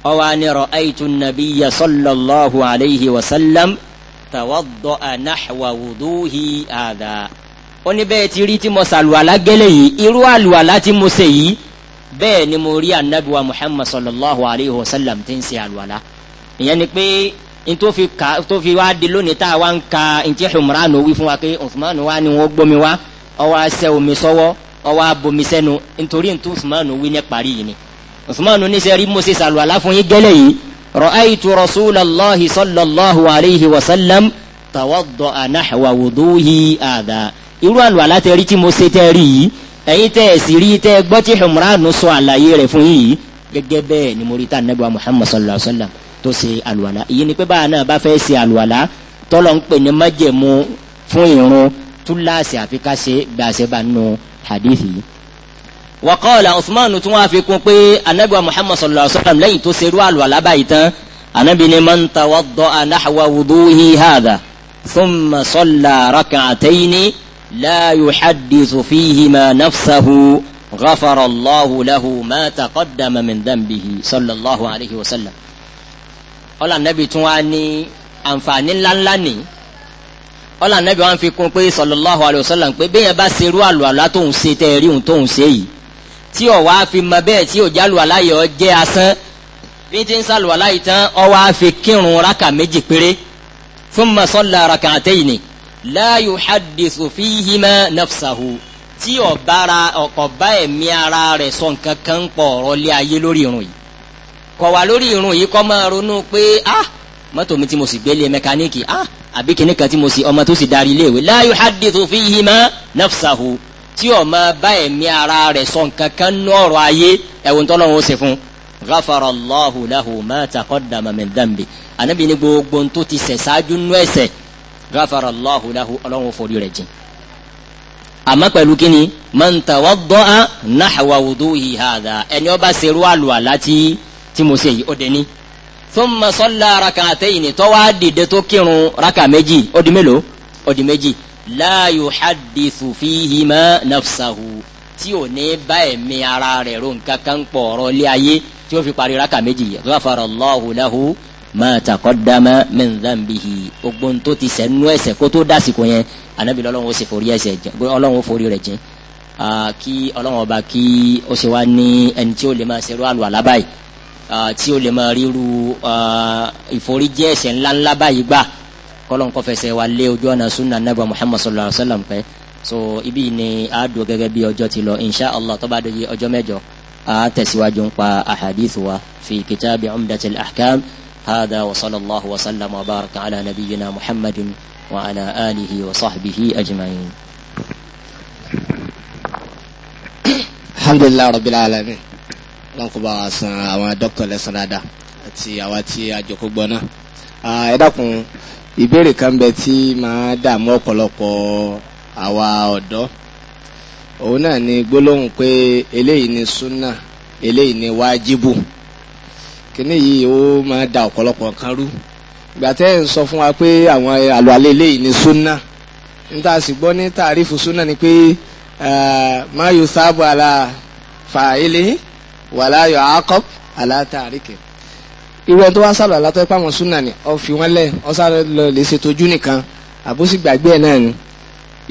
ó wá ní ra'aytu nabiyya sallallahu alayhi wa sallam tawadda'a nahwa wuduhi hadha ó ti rí tí mo ṣàlùwàlá gẹ́lẹ́ yìí irú àlùwàlá tí mo ṣe yìí bẹ́ẹ̀ ni mo rí anabiwa muhammad sallallahu alayhi wa sallam ti ń ṣe àlùwàlà ìyẹn ni pé ntó fi ka tó fi wá di lónìí tá a wá ń ka ntí humranu wí fún wa pé usman wa ni wọ́n gbómi wá ọwọ́ asẹ́ omi sọ́wọ́ ọwọ́ abomi sẹ́nu nítorí ntó usman wí ní parí yìí ni usman ní sẹ́rí mo ṣe ṣàlùwàlà fún yín gẹ́lẹ́ yìí ra'aytu rasulallahi sallallahu alayhi wa sallam tawadda'a nahwa wuduhi àdá irú àlùwàlà tẹ́rí tí mo ṣe tẹ́rí yìí ẹ̀yin tẹ́ ẹ̀ sì rí tẹ́ ẹ gbọ́ tí Humranu sọ àlàyé rẹ̀ fún yìí gẹ́gẹ́ bẹ́ẹ̀ ni mo rí tá Ànábì wa Muhammad sallallahu alayhi wa sallam tó ṣe àlùwàlá èyí ni pé báà náà bá fẹ́ ṣe àlùwàlá tọ́lọ̀ ń pè ní májẹ̀mú fún ìrun túláàsì àfi ká ṣe gbàṣẹ bá nù hadithi yìí. wa tún wá fi kún pé Ànábì wa sallallahu alayhi wa sallam lẹ́yìn tó ṣerú àlùwàlá báyìí tán Ànábì ni man tawadda'a nahwa wuduhi hadha thumma salla لا يحدث فيهما نفسه غفر الله له ما تقدم من ذنبه صلى الله عليه وسلم tún wá ní àǹfààní ńláńlá ní ọlá nẹ́bí wá ń fi kún pé sallallahu alayhi wa sallam pé bẹ́ẹ̀ bá ṣerú àlùalá tóun ṣe tẹ́ òun tóun ṣe yìí tí ó wá fi mọ bẹ́ẹ̀ tí òjá àlùalá yọ jẹ́ asán bí ti ń sàlùalá tán ó wá fi kírun rákà méjì péré thumma salla rak'atayni la yuhaddithu fihima nafsahu tí ọ̀bára ọ̀kọ̀bá ẹ̀mí ara rẹ̀ sọ nǹkan kan ń pọ̀ ọ̀rọ̀ lé ayé lórí irun yìí kọ̀ wá lórí irun yìí kọ́ máa ronú pé ah mọ́tò mi tí mo sì gbélé mẹkáníìkì ah àbí kìnní kan tí mo sì ọmọ tó sì darí iléèwé la yuhaddithu fihima nafsahu tí ó máa bá ara rẹ̀ sọ nǹkan kan ní ayé ẹ̀wọ̀n tọ́lọ́ wọn ó ṣe fún ghafara allahu lahu ma taqaddama min dhanbi anabi ni gbogbo n ti ṣẹ̀ ṣáájú nú ẹ̀ṣẹ̀ gáfara allahu lahu ọlọ́run forí rẹ̀ jìn àmọ́ pẹ̀lú kíni man tawadda'a nahwa wuduhi hadha ẹni ó bá ṣerú àlùwàlá tí tí mo ṣe yìí ó dé ní. thumma salla rak'atayni tó wá dìde tó kírun raka méjì ó di mélòó ó di méjì la yuhaddithu fihima nafsahu tí ò ní bá ẹ̀mí ara rẹ̀ ro nǹkan pọ̀ ọ̀rọ̀ ilé ayé tí ó fi parí raka méjì gáfara allahu lahu ma taqaddama min dhanbihi gbogbo ntó ti ṣẹ̀ nú ẹ̀ṣẹ̀ kó tó dásìkò yẹn anabi lọ́lọ́run ó sì forí ẹ̀ṣẹ̀ jìn Ọlọ́run ó forí rẹ̀ jìn kí Ọlọ́run ọba kí ó ṣe wá ní ẹni tí ó lè máa ṣerú àlù àlá báyìí tí ó lè máa ríru ìforíjì ẹ̀ṣẹ̀ ńláńlá báyìí gbà kọlọ́n kọfẹsẹ̀ wa lé ojú ọ̀nà sunna anabi muhammad sallallahu alayhi wa sallam pẹ́ so ibi ni a dùn gẹ́gẹ́ bí ọjọ́ ti lọ insha allah tó bá dé ọjọ́ mẹ́jọ a tẹ̀síwájú ń pa ahadith wa fi kitabi umdatil ahkam. هذا وصلى الله وسلم وبارك على نبينا محمد وعلى آله وصحبه أجمعين الحمد لله رب العالمين wọn kò bá wa san àwọn dókítà lẹ́san dáadáa àti àwa tí a jókòó gbọ́ náà ẹ dákun ìbéèrè kan bẹ tí máa dààmú ọ̀pọ̀lọpọ̀ àwa ọ̀dọ́ òun náà ni gbólóhùn pé eléyìí ni sunna eléyìí ni wájibù kíní yìí ó máa da ọ̀pọ̀lọpọ̀ kan rú ìgbà tẹ́ ẹ̀ ń sọ fún wa pé àwọn àlọ́ alẹ́ eléyìí ni sunna níta sì gbọ́ ní tàrífù sunna ni pé ma yusabu ala fa'ilihi wala yu'aqab ala tariki irú ẹni tó wá sálọ àlátọ́ ẹ pàmò súnà ni ọ fi wọn lẹ ọ sáré lọ lè ṣe tójú nìkan àbúsí gbàgbé ẹ náà ni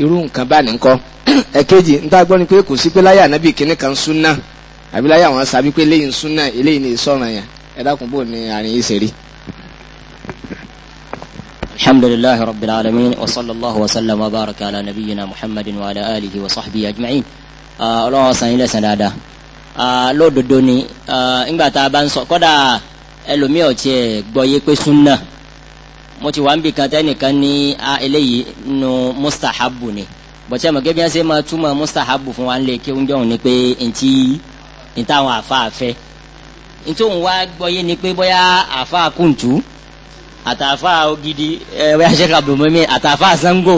irú nǹkan bá ní kọ ẹ̀kejì níta gbọ́ ni pé kò sí pé láyé ànábì kínní kan súnà àbí láyé àwọn sábí pé eléyìí súnà eléyìí ní ìsọ̀ràn yẹn ẹ dákun bò ní àárín yìí ṣe rí. الحمد لله رب العالمين وصلى الله وسلم وبارك على نبينا محمد وعلى آله وصحبه أجمعين ọlọ́run ọ̀sán yín lẹ́sàn dáadáa lódodo ni ńgbà tá a bá ń sọ kọ́dà ẹlòmíì ọ̀tí ẹ̀ gbọ́yé pé súnà mo ti wà ń bì kan tẹ́nìkan ní eléyìí nu mustahabu ni bọ̀tí ẹ̀mọ̀ gẹ́gẹ́ bí wọ́n ṣe máa túmọ̀ mustahabu fún wa ń lè kí oúnjẹ òun ni pé ntí ntáwọn àfáàfẹ́ nítorí òun wá gbọ́yé ni pé bóyá àfa kùntù àtàfà ògidì ẹ bóyá sẹ́ka bùnmọ́mí àtàfà sango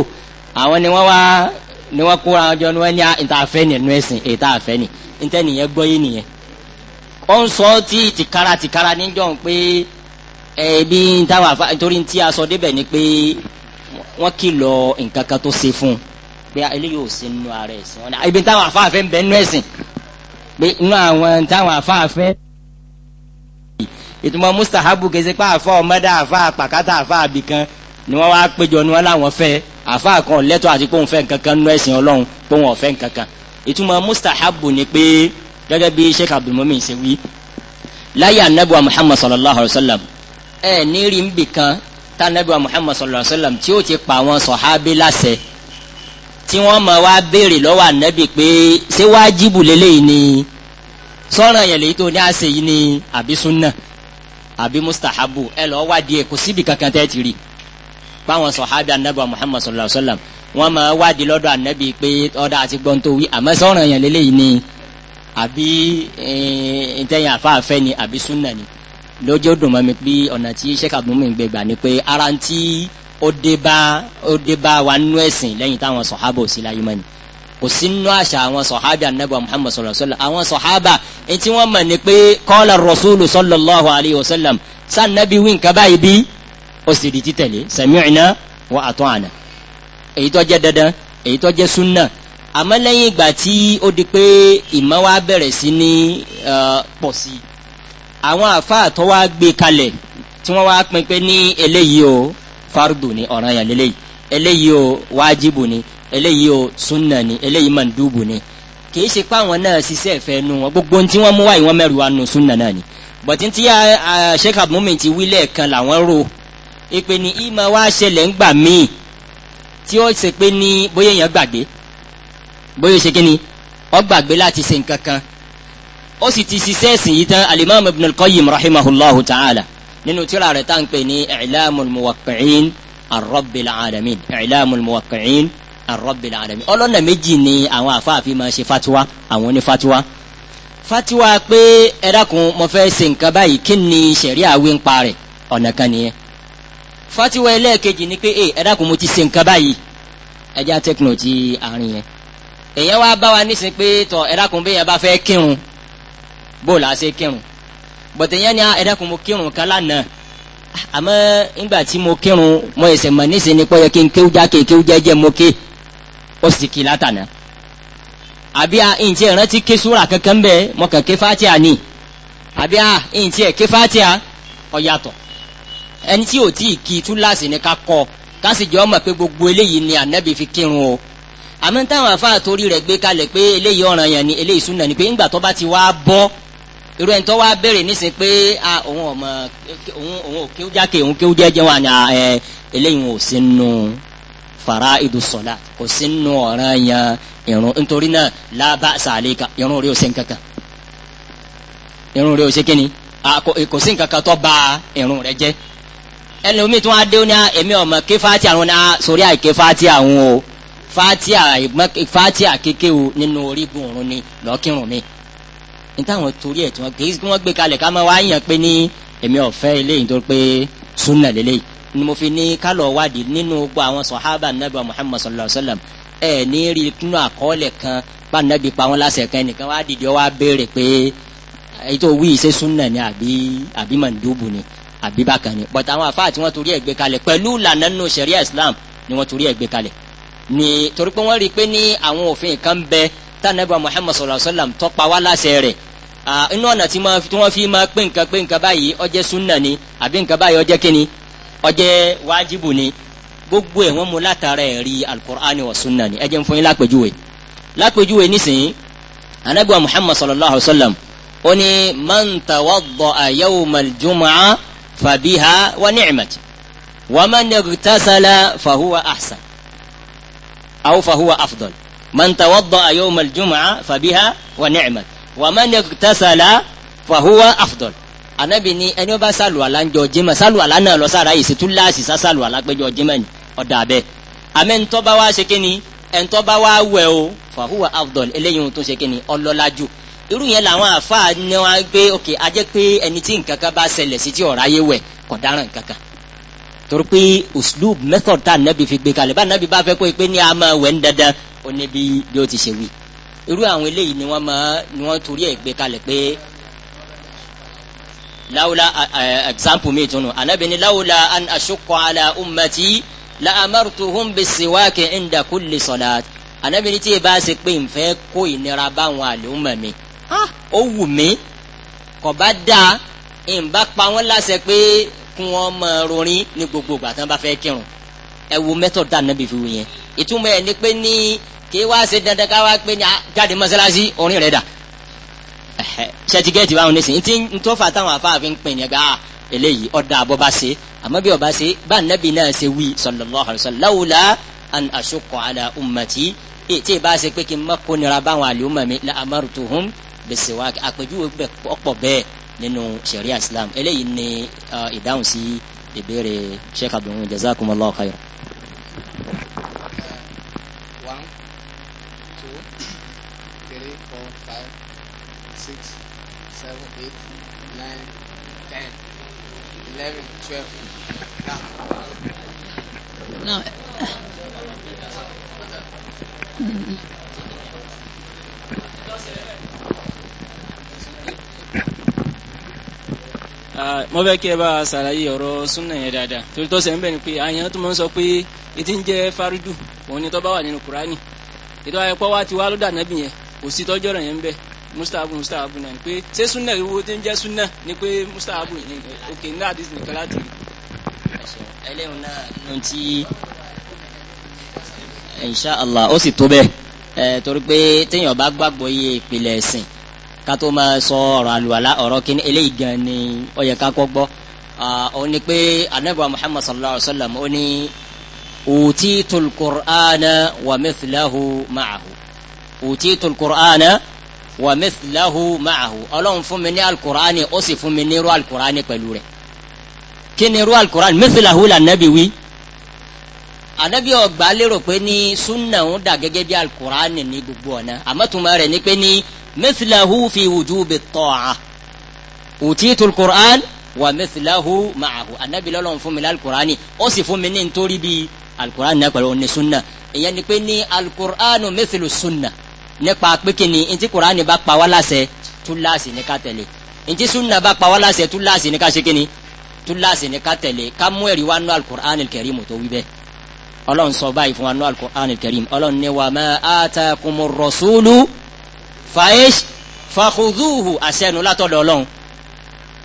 àwọn ni wọ́n wá ni wọ́n kóra ọjọ́ ni wọ́n ní ìtàfẹ́ ah, nínú ẹ̀sìn ìtàfẹ́ ni ntẹ́nìyẹn gbọ́yé nìyẹn. ó ń sọ tí tìkára tìkára níjọ́ pé ẹbí táwọn àfa nítorí tí a sọ débẹ̀ ni pé wọ́n kìlọ̀ nǹkan kan tó ṣe fún un pé ah, eléyìí ò sí nínú ara ẹ̀sìn wọn ni ah, ibi táwọn àfa àfẹ́ ń bẹ nínú ẹ̀sìn pé nínú àwọn táwọn àfa àfẹ́ ìtumọ̀ mustahabu kese pa àfa ọmọdé àfa àpàkátà àfa àbìkan ni wọ́n wá péjọ ni wọ́n làwọn fẹ́ àfa kan lẹ́tọ̀ àti pé òun fẹ́ nkankan nú ẹ̀sìn ọlọ́run pé òun ọ̀fẹ́ nkankan ìtumọ̀ mustahabu ni pé gẹ́gẹ́ bí sheikh abdulmumin ṣe wí láyé anabiwa muhammad sallallahu alayhi wa sallam ẹ ní rí nbì kan tá anabiwa muhammad sallallahu alayhi wa sallam tí ó ti pa àwọn sọ̀hábí láṣẹ tí wọ́n máa wá béèrè lọ́wọ́ anabi pé ṣé wájibu lélẹ́yìí ni sọ́ràn yẹn lèyí tó ní àṣẹ ni àbí sunna àbí mustahabu ẹ lọ wádìí ẹ kò síbi kankan tẹ́ ti rí báwọn sọ̀hábì anabi muhammad sallallahu alaihi wa sallam wọ́n máa wádìí lọ́dọ̀ anabi pé ọ̀dà àti gbọ́ntò wí àmọ́ sọ̀rọ̀ yẹn lélẹ́yìí ni àbí ntẹ̀yìn eh, àfáàfẹ́ ni àbí súnà ni lójó dùnmọ́ mi pé ọ̀nà tí sheikh abdulmi gbé gbà ni pé ara ń tí ó dé bá ó dé bá wa nú ẹ̀sìn lẹ́yìn táwọn sọ̀hábà ò sí láyé mọ́ ni kò sí nú àṣà àwọn sọ̀hábì anabi muhammad sallallahu alaihi wa sallam àwọn sọ̀hábà etí wọ́n mọ̀ ní pé kọ́lá rasúlù sallallahu alayhi wa sallam sannabi wí nǹkan báyìí bí ó sì di títẹ̀lé sami'na wa ata'na èyí tó jẹ́ dandan èyí tó jẹ́ súnà àmọ́ lẹ́yìn ìgbà tí ó di pé ìmọ̀ wa bẹ̀rẹ̀ sí ní pọ̀ sí i àwọn àfáà tó wá gbé kalẹ̀ tí wọ́n wá pín ní eléyìí o fardu ni ọ̀ranyàn lélẹ́yìí eléyìí o wájibu ni eléyìí o súnà ni eléyìí mandubu ni kìí ṣe pé àwọn náà ṣiṣẹ́ ìfẹ́ nu wọn gbogbo ohun tí wọ́n mú wá ìwọ́n mẹ́rin wa nù súnà náà ni bọ̀tí tí sheikh abdulmumin ti wí lẹ́ẹ̀kan làwọn rò ìpè ní ìmọ̀ wá ṣẹlẹ̀ ń gbà míì tí ó ṣe pé ní bóyá èèyàn gbàgbé bóyá ṣe kíni ó gbàgbé láti ṣe nǹkan kan ó sì ti ṣiṣẹ́ ẹ̀sìn yìí tán alimami ibn al-qayyim rahimahullahu ta'ala nínú tírà rẹ̀ tá à ń pè ní i'lamul muwaqqi'in ar-rabbil ar-rabbil alamin ọlọ́nà méjì ni àwọn àfáàfin máa ṣe fatiwa àwọn oní fatiwa fatiwa pé ẹ dákun mo fẹ́ ṣe nǹkan báyìí kí ni ṣẹ̀ríà wí ń pa rẹ̀ ọ̀nà kan nìyẹn fatiwa ẹlẹ́ẹ̀kejì ni pé ẹ dákun mo ti ṣe nǹkan báyìí ẹ já ti àárín yẹn èyàn wá bá wa nísìn pé tọ ẹ dákun bí yẹn bá fẹ́ kírun bó la ṣe kírun bọ̀tẹ̀ yẹn ni ẹ mo kírun kan lánàá àmọ́ ńgbà tí mo kírun mo ẹsẹ̀ mọ̀ nísìn ni pé yẹ kí n kéwú jákè kéwú jẹ́jẹ́ mo ké ó sì kì í látànà àbí a ǹtí ẹ̀ ké súra kankan bẹ́ẹ̀ mọ̀kàn ké fatia ni àbí a ǹtí ẹ̀ ké fatia ó yàtọ̀ ẹni tí ò tí ì kí túláàsì ni ká kọ ká sì jọ mọ̀ pé gbogbo eléyìí ni ànábì fi kírun o àmọ́ táwọn afáà torí rẹ̀ gbé kalẹ̀ pé eléyìí ọ̀ràn yẹn ni eléyìí súnà ni pé ńgbà tó bá ti wá bọ́ irú ẹni tó wá béèrè nísìnyí pé a òun ọmọ òun òun òkéwújáke òun kéwújẹ́jẹ́ wà ní eléyìí òsínú faraidu sọ̀la kò sí nù ọ̀ràn yẹn irun nítorí náà lába sàlẹ̀ irun rẹ̀ ò sí nǹkankan irun rẹ̀ ò sí kíni kò sí nǹkankan tó ba irun rẹ̀ jẹ́ ẹni omi tí wọn adé ní èmi ọmọ ké fati àwọn náà sórí àìké fati àwọn o fati fati àkéké o nínú orígun òrun ni lọ́kìrùn mi nítawọn torí ẹ̀ tí wọn gbé kalẹ̀ ká máa wá yàn pé ní èmi ọ̀fẹ́ eléyìí tó pé súnà lélẹ́yìí ni mo fi ní kálọ̀ wádìí nínú gbogbo àwọn sọ̀hábà nàbà Muhammad sallallahu alayhi wa sallam ẹ ní rí nínú àkọọ́lẹ̀ kan bá pa wọn láṣẹ kan nìkan wá dìde wá béèrè pé èyí tó wí ṣe súnà ni àbí àbí màndúbù ni àbí bákan ni bọ̀tà àwọn àfáà tí wọ́n torí ẹ̀ gbé kalẹ̀ pẹ̀lú ìlànà nínú ṣẹ̀ríà Islam ni wọ́n torí ẹ̀ gbé kalẹ̀ ni torí pé wọ́n rí i pé ní àwọn òfin kan bẹ tànàbà Muhammad sallallahu alayhi wa sallam tó pa wá láṣẹ rẹ̀ inú ọ̀nà tí wọ́n fi máa pín nǹkan pín nǹkan báyìí ó súnà ni àbí nǹkan báyìí ó kíni ọjẹ́ wájibu ni gbogbo ẹ̀ wọ́n mú látara ẹ̀ rí alukur'ani wa sunna ni ẹ jẹ́ n fún yín lápèjúwe lápèjúwe nísìnyí anabiwa muhammad sallallahu alayhi wa sallam ó ní man tawadda'a yawmal jumu'a fabiha wa ni'mat wa man fahuwa ahsan aw fahuwa afdal man tawadda'a yawmal jumu'a fabiha wa ni'mat wa man fahuwa afdal anabi ni ẹni ó bá sàlùwàlá ń jọ jimá sàlùwàlá náà lọ sára yìí sètú láàsì sá sàlùwàlá péjọ jimá ni ọ̀dà abẹ àmẹ́ ntọ́ bá wá ṣe kíni ẹ̀ntọ́ bá wá wẹ̀ o fàhùwà afdol eléyìí tó ṣe kíni ọlọ́lá jù irú làwọn àfáà ni wọn gbé ok ajẹ́ pé ẹni tí nǹkan kan bá ṣẹlẹ̀ sí tí ọ̀rá yé wẹ̀ kò dáràn nǹkan kan torí pé uslub method tá nàbì fi gbé kalẹ̀ bá nàbì bá fẹ́ kó pé ní a máa ń dandan ó ní bí ti ṣe wí irú àwọn eléyìí ni wọ́n máa ni wọ́n torí ẹ̀ kalẹ̀ pé lawla example mi tunu anabi ni lawla an ashukọ ala ummati la amartuhum bisiwaki inda kulli salat anabi ni tí e bá ṣe pé nfẹ́ kó ìnira báwọn àlùmọ̀ mi ó wù mí kò bá dà ìnbá pa wọ́n láṣẹ pé kún wọn mọ rorin ní gbogbo ìgbà tí wọ́n bá fẹ́ method dá anabi fi wù yẹn ìtumọ̀ ni pé ní kí wá ṣe dandan ká wá pé ní jáde orin rẹ̀ dà ṣẹtigẹẹti báwọn ní sìn ní tó fà táwọn afáàfin pè ní ẹgbẹ ah eléyìí ọdà àbọbá ṣe àmọ́ bí ọba ṣe bá nàbì náà ṣe wí sallallahu alaihi wasallam lawla an ashuqqa ala ummati e ìbá ṣe pé kí n má kó nira báwọn àlùmọ mi la amartuhum bisiwaki àpèjúwe bẹ ọ̀pọ̀ bẹ́ẹ̀ nínú sharia islam eléyìí ni ìdáhùn sí ìbéèrè sheikh abdulmumin jazakumullahu khairan. one two three four five six, seven, eight, nine, ten, eleven, twelve. Now. No. Mm. mo fẹ́ kí ẹ bá ṣàlàyé ọ̀rọ̀ súnà yẹn dáadáa torí tọ́sẹ̀ ń bẹ̀ ni pé àyàn tó máa ń sọ pé etí ń jẹ́ fárídù òun ni tó bá wà nínú kúránì ètò àyẹ̀pọ̀ wa ti wá lọ́dà nábì yẹn kò sí tọ́jọ́ rẹ̀ yẹn ń bẹ̀ mustahabu mustahabu náà ni pé ṣé súnà ìwo tí ń jẹ́ súnà ni pé mustahabu ni òkè ní àdìsí nìkan láti rí. ẹlẹ́hùn náà ló ń ti insha allah ó sì tó bẹ́ẹ̀ ẹ̀ torí pé téèyàn bá gbàgbọ́ iye ìpìlẹ̀ ẹ̀sìn ká tó máa sọ ọ̀rọ̀ àlùwàlá ọ̀rọ̀ kí eléyìí gan ni ó yẹ ká kọ́ gbọ́ òun ni pé anabi muhammad sallallahu alaihi wa sallam ó ní òtítùl qur'ana wa mithlahu ma'ahu òtítùl qur'ana wa mithlahu ma'ahu ọlọ́run fún mi ní alukur'ani ó sì fún mi ní irú alukur'ani pẹ̀lú rẹ̀ kí ni irú alukur'ani mithlahu la nabi wí anabi ọgbà lérò pé ní sunna ń dà gẹ́gẹ́ bí alukur'ani ní gbogbo ọ̀nà àmọ́túmọ̀ rẹ̀ ni pé ní mithlahu fi wujubi ta'a utitu alukur'an wa mithlahu ma'ahu anabi lọ́lọ́run fún mi ní alukur'ani ó sì fún mi ní nítorí bí alukur'ani náà pẹ̀lú ní sunna ìyẹn ni pé ní alukur'anu mithlu sunna nípa pé ni ntí kuraani bá pa wá láṣẹ túláàsì ní ká tẹ̀lé ntí sunna bá pa wá láṣẹ túláàsì ní ká ṣe ni túláàsì ní ká tẹ̀lé ká mú ẹ̀rí wá nú alukuraani kẹrìmù tó wí bẹ́ẹ̀ ọlọ́run sọ báyìí fún wa nú alukuraani kẹrìmù ọlọ́run ní wa ma atakumu rasulu faish fakhuduhu asẹnu látọ̀dọ̀ ọlọ́run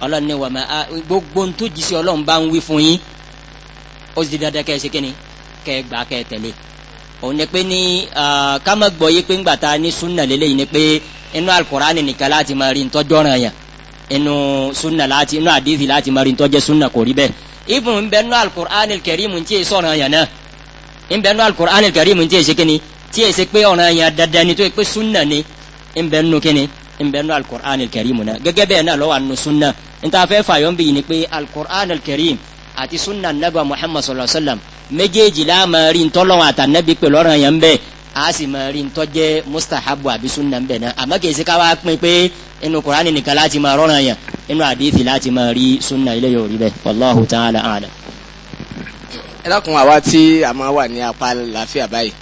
ọlọ́run ní wa ma gbogbo ntó jisi ọlọ́run bá ń wí fún yín ó sì di ni kẹ́ ẹ gbà òun ni pé ní kámọ́ gbọ́ yé pé ńgbà tá a ní súnà lélẹ́yìn ni pé inú alukurani nìkan láti máa rí ntọ́jọ́ràn yẹn inú súnà láti inú àdìsí láti máa rí ntọ́jẹ́ súnà kò rí bẹ́ẹ̀ ibùn ń bẹ nú alukurani kẹrìmù tí èso ọ̀ràn yẹn náà ń bẹ nú alukurani kẹrìmù tí èso kíni tí èso pé ọ̀ràn yẹn dandan ni tó yẹ pé súnà ni ń bẹ nú kíni ń bẹ nú alukurani kẹrìmù náà gẹ́gẹ́ bẹ́ẹ̀ náà lọ́wọ́ àánú súnà ń ta fẹ́ fàyọ́ ń bì yìí àti sunna nabà muhammad sallallahu alayhi wa sallam méjèèjì la máa rí ntọ́lọ́wọ́ àtànẹ́bí pẹ̀lú ọ̀ràn yẹn bẹ́ẹ̀ a sì máa rí ntọ́jẹ́ mustahabu àbí sunna bẹ̀ náà àmọ́ kìí ṣe ká wá pín pé inú kurani nìkan láti máa rọ́ràn yẹn inú àdìsí láti máa rí sunna ilé yóò rí bẹ́ẹ̀ wallahu ta'ala a'lam. ẹ dákun àwa tí a máa wà ní apá làáfíà báyìí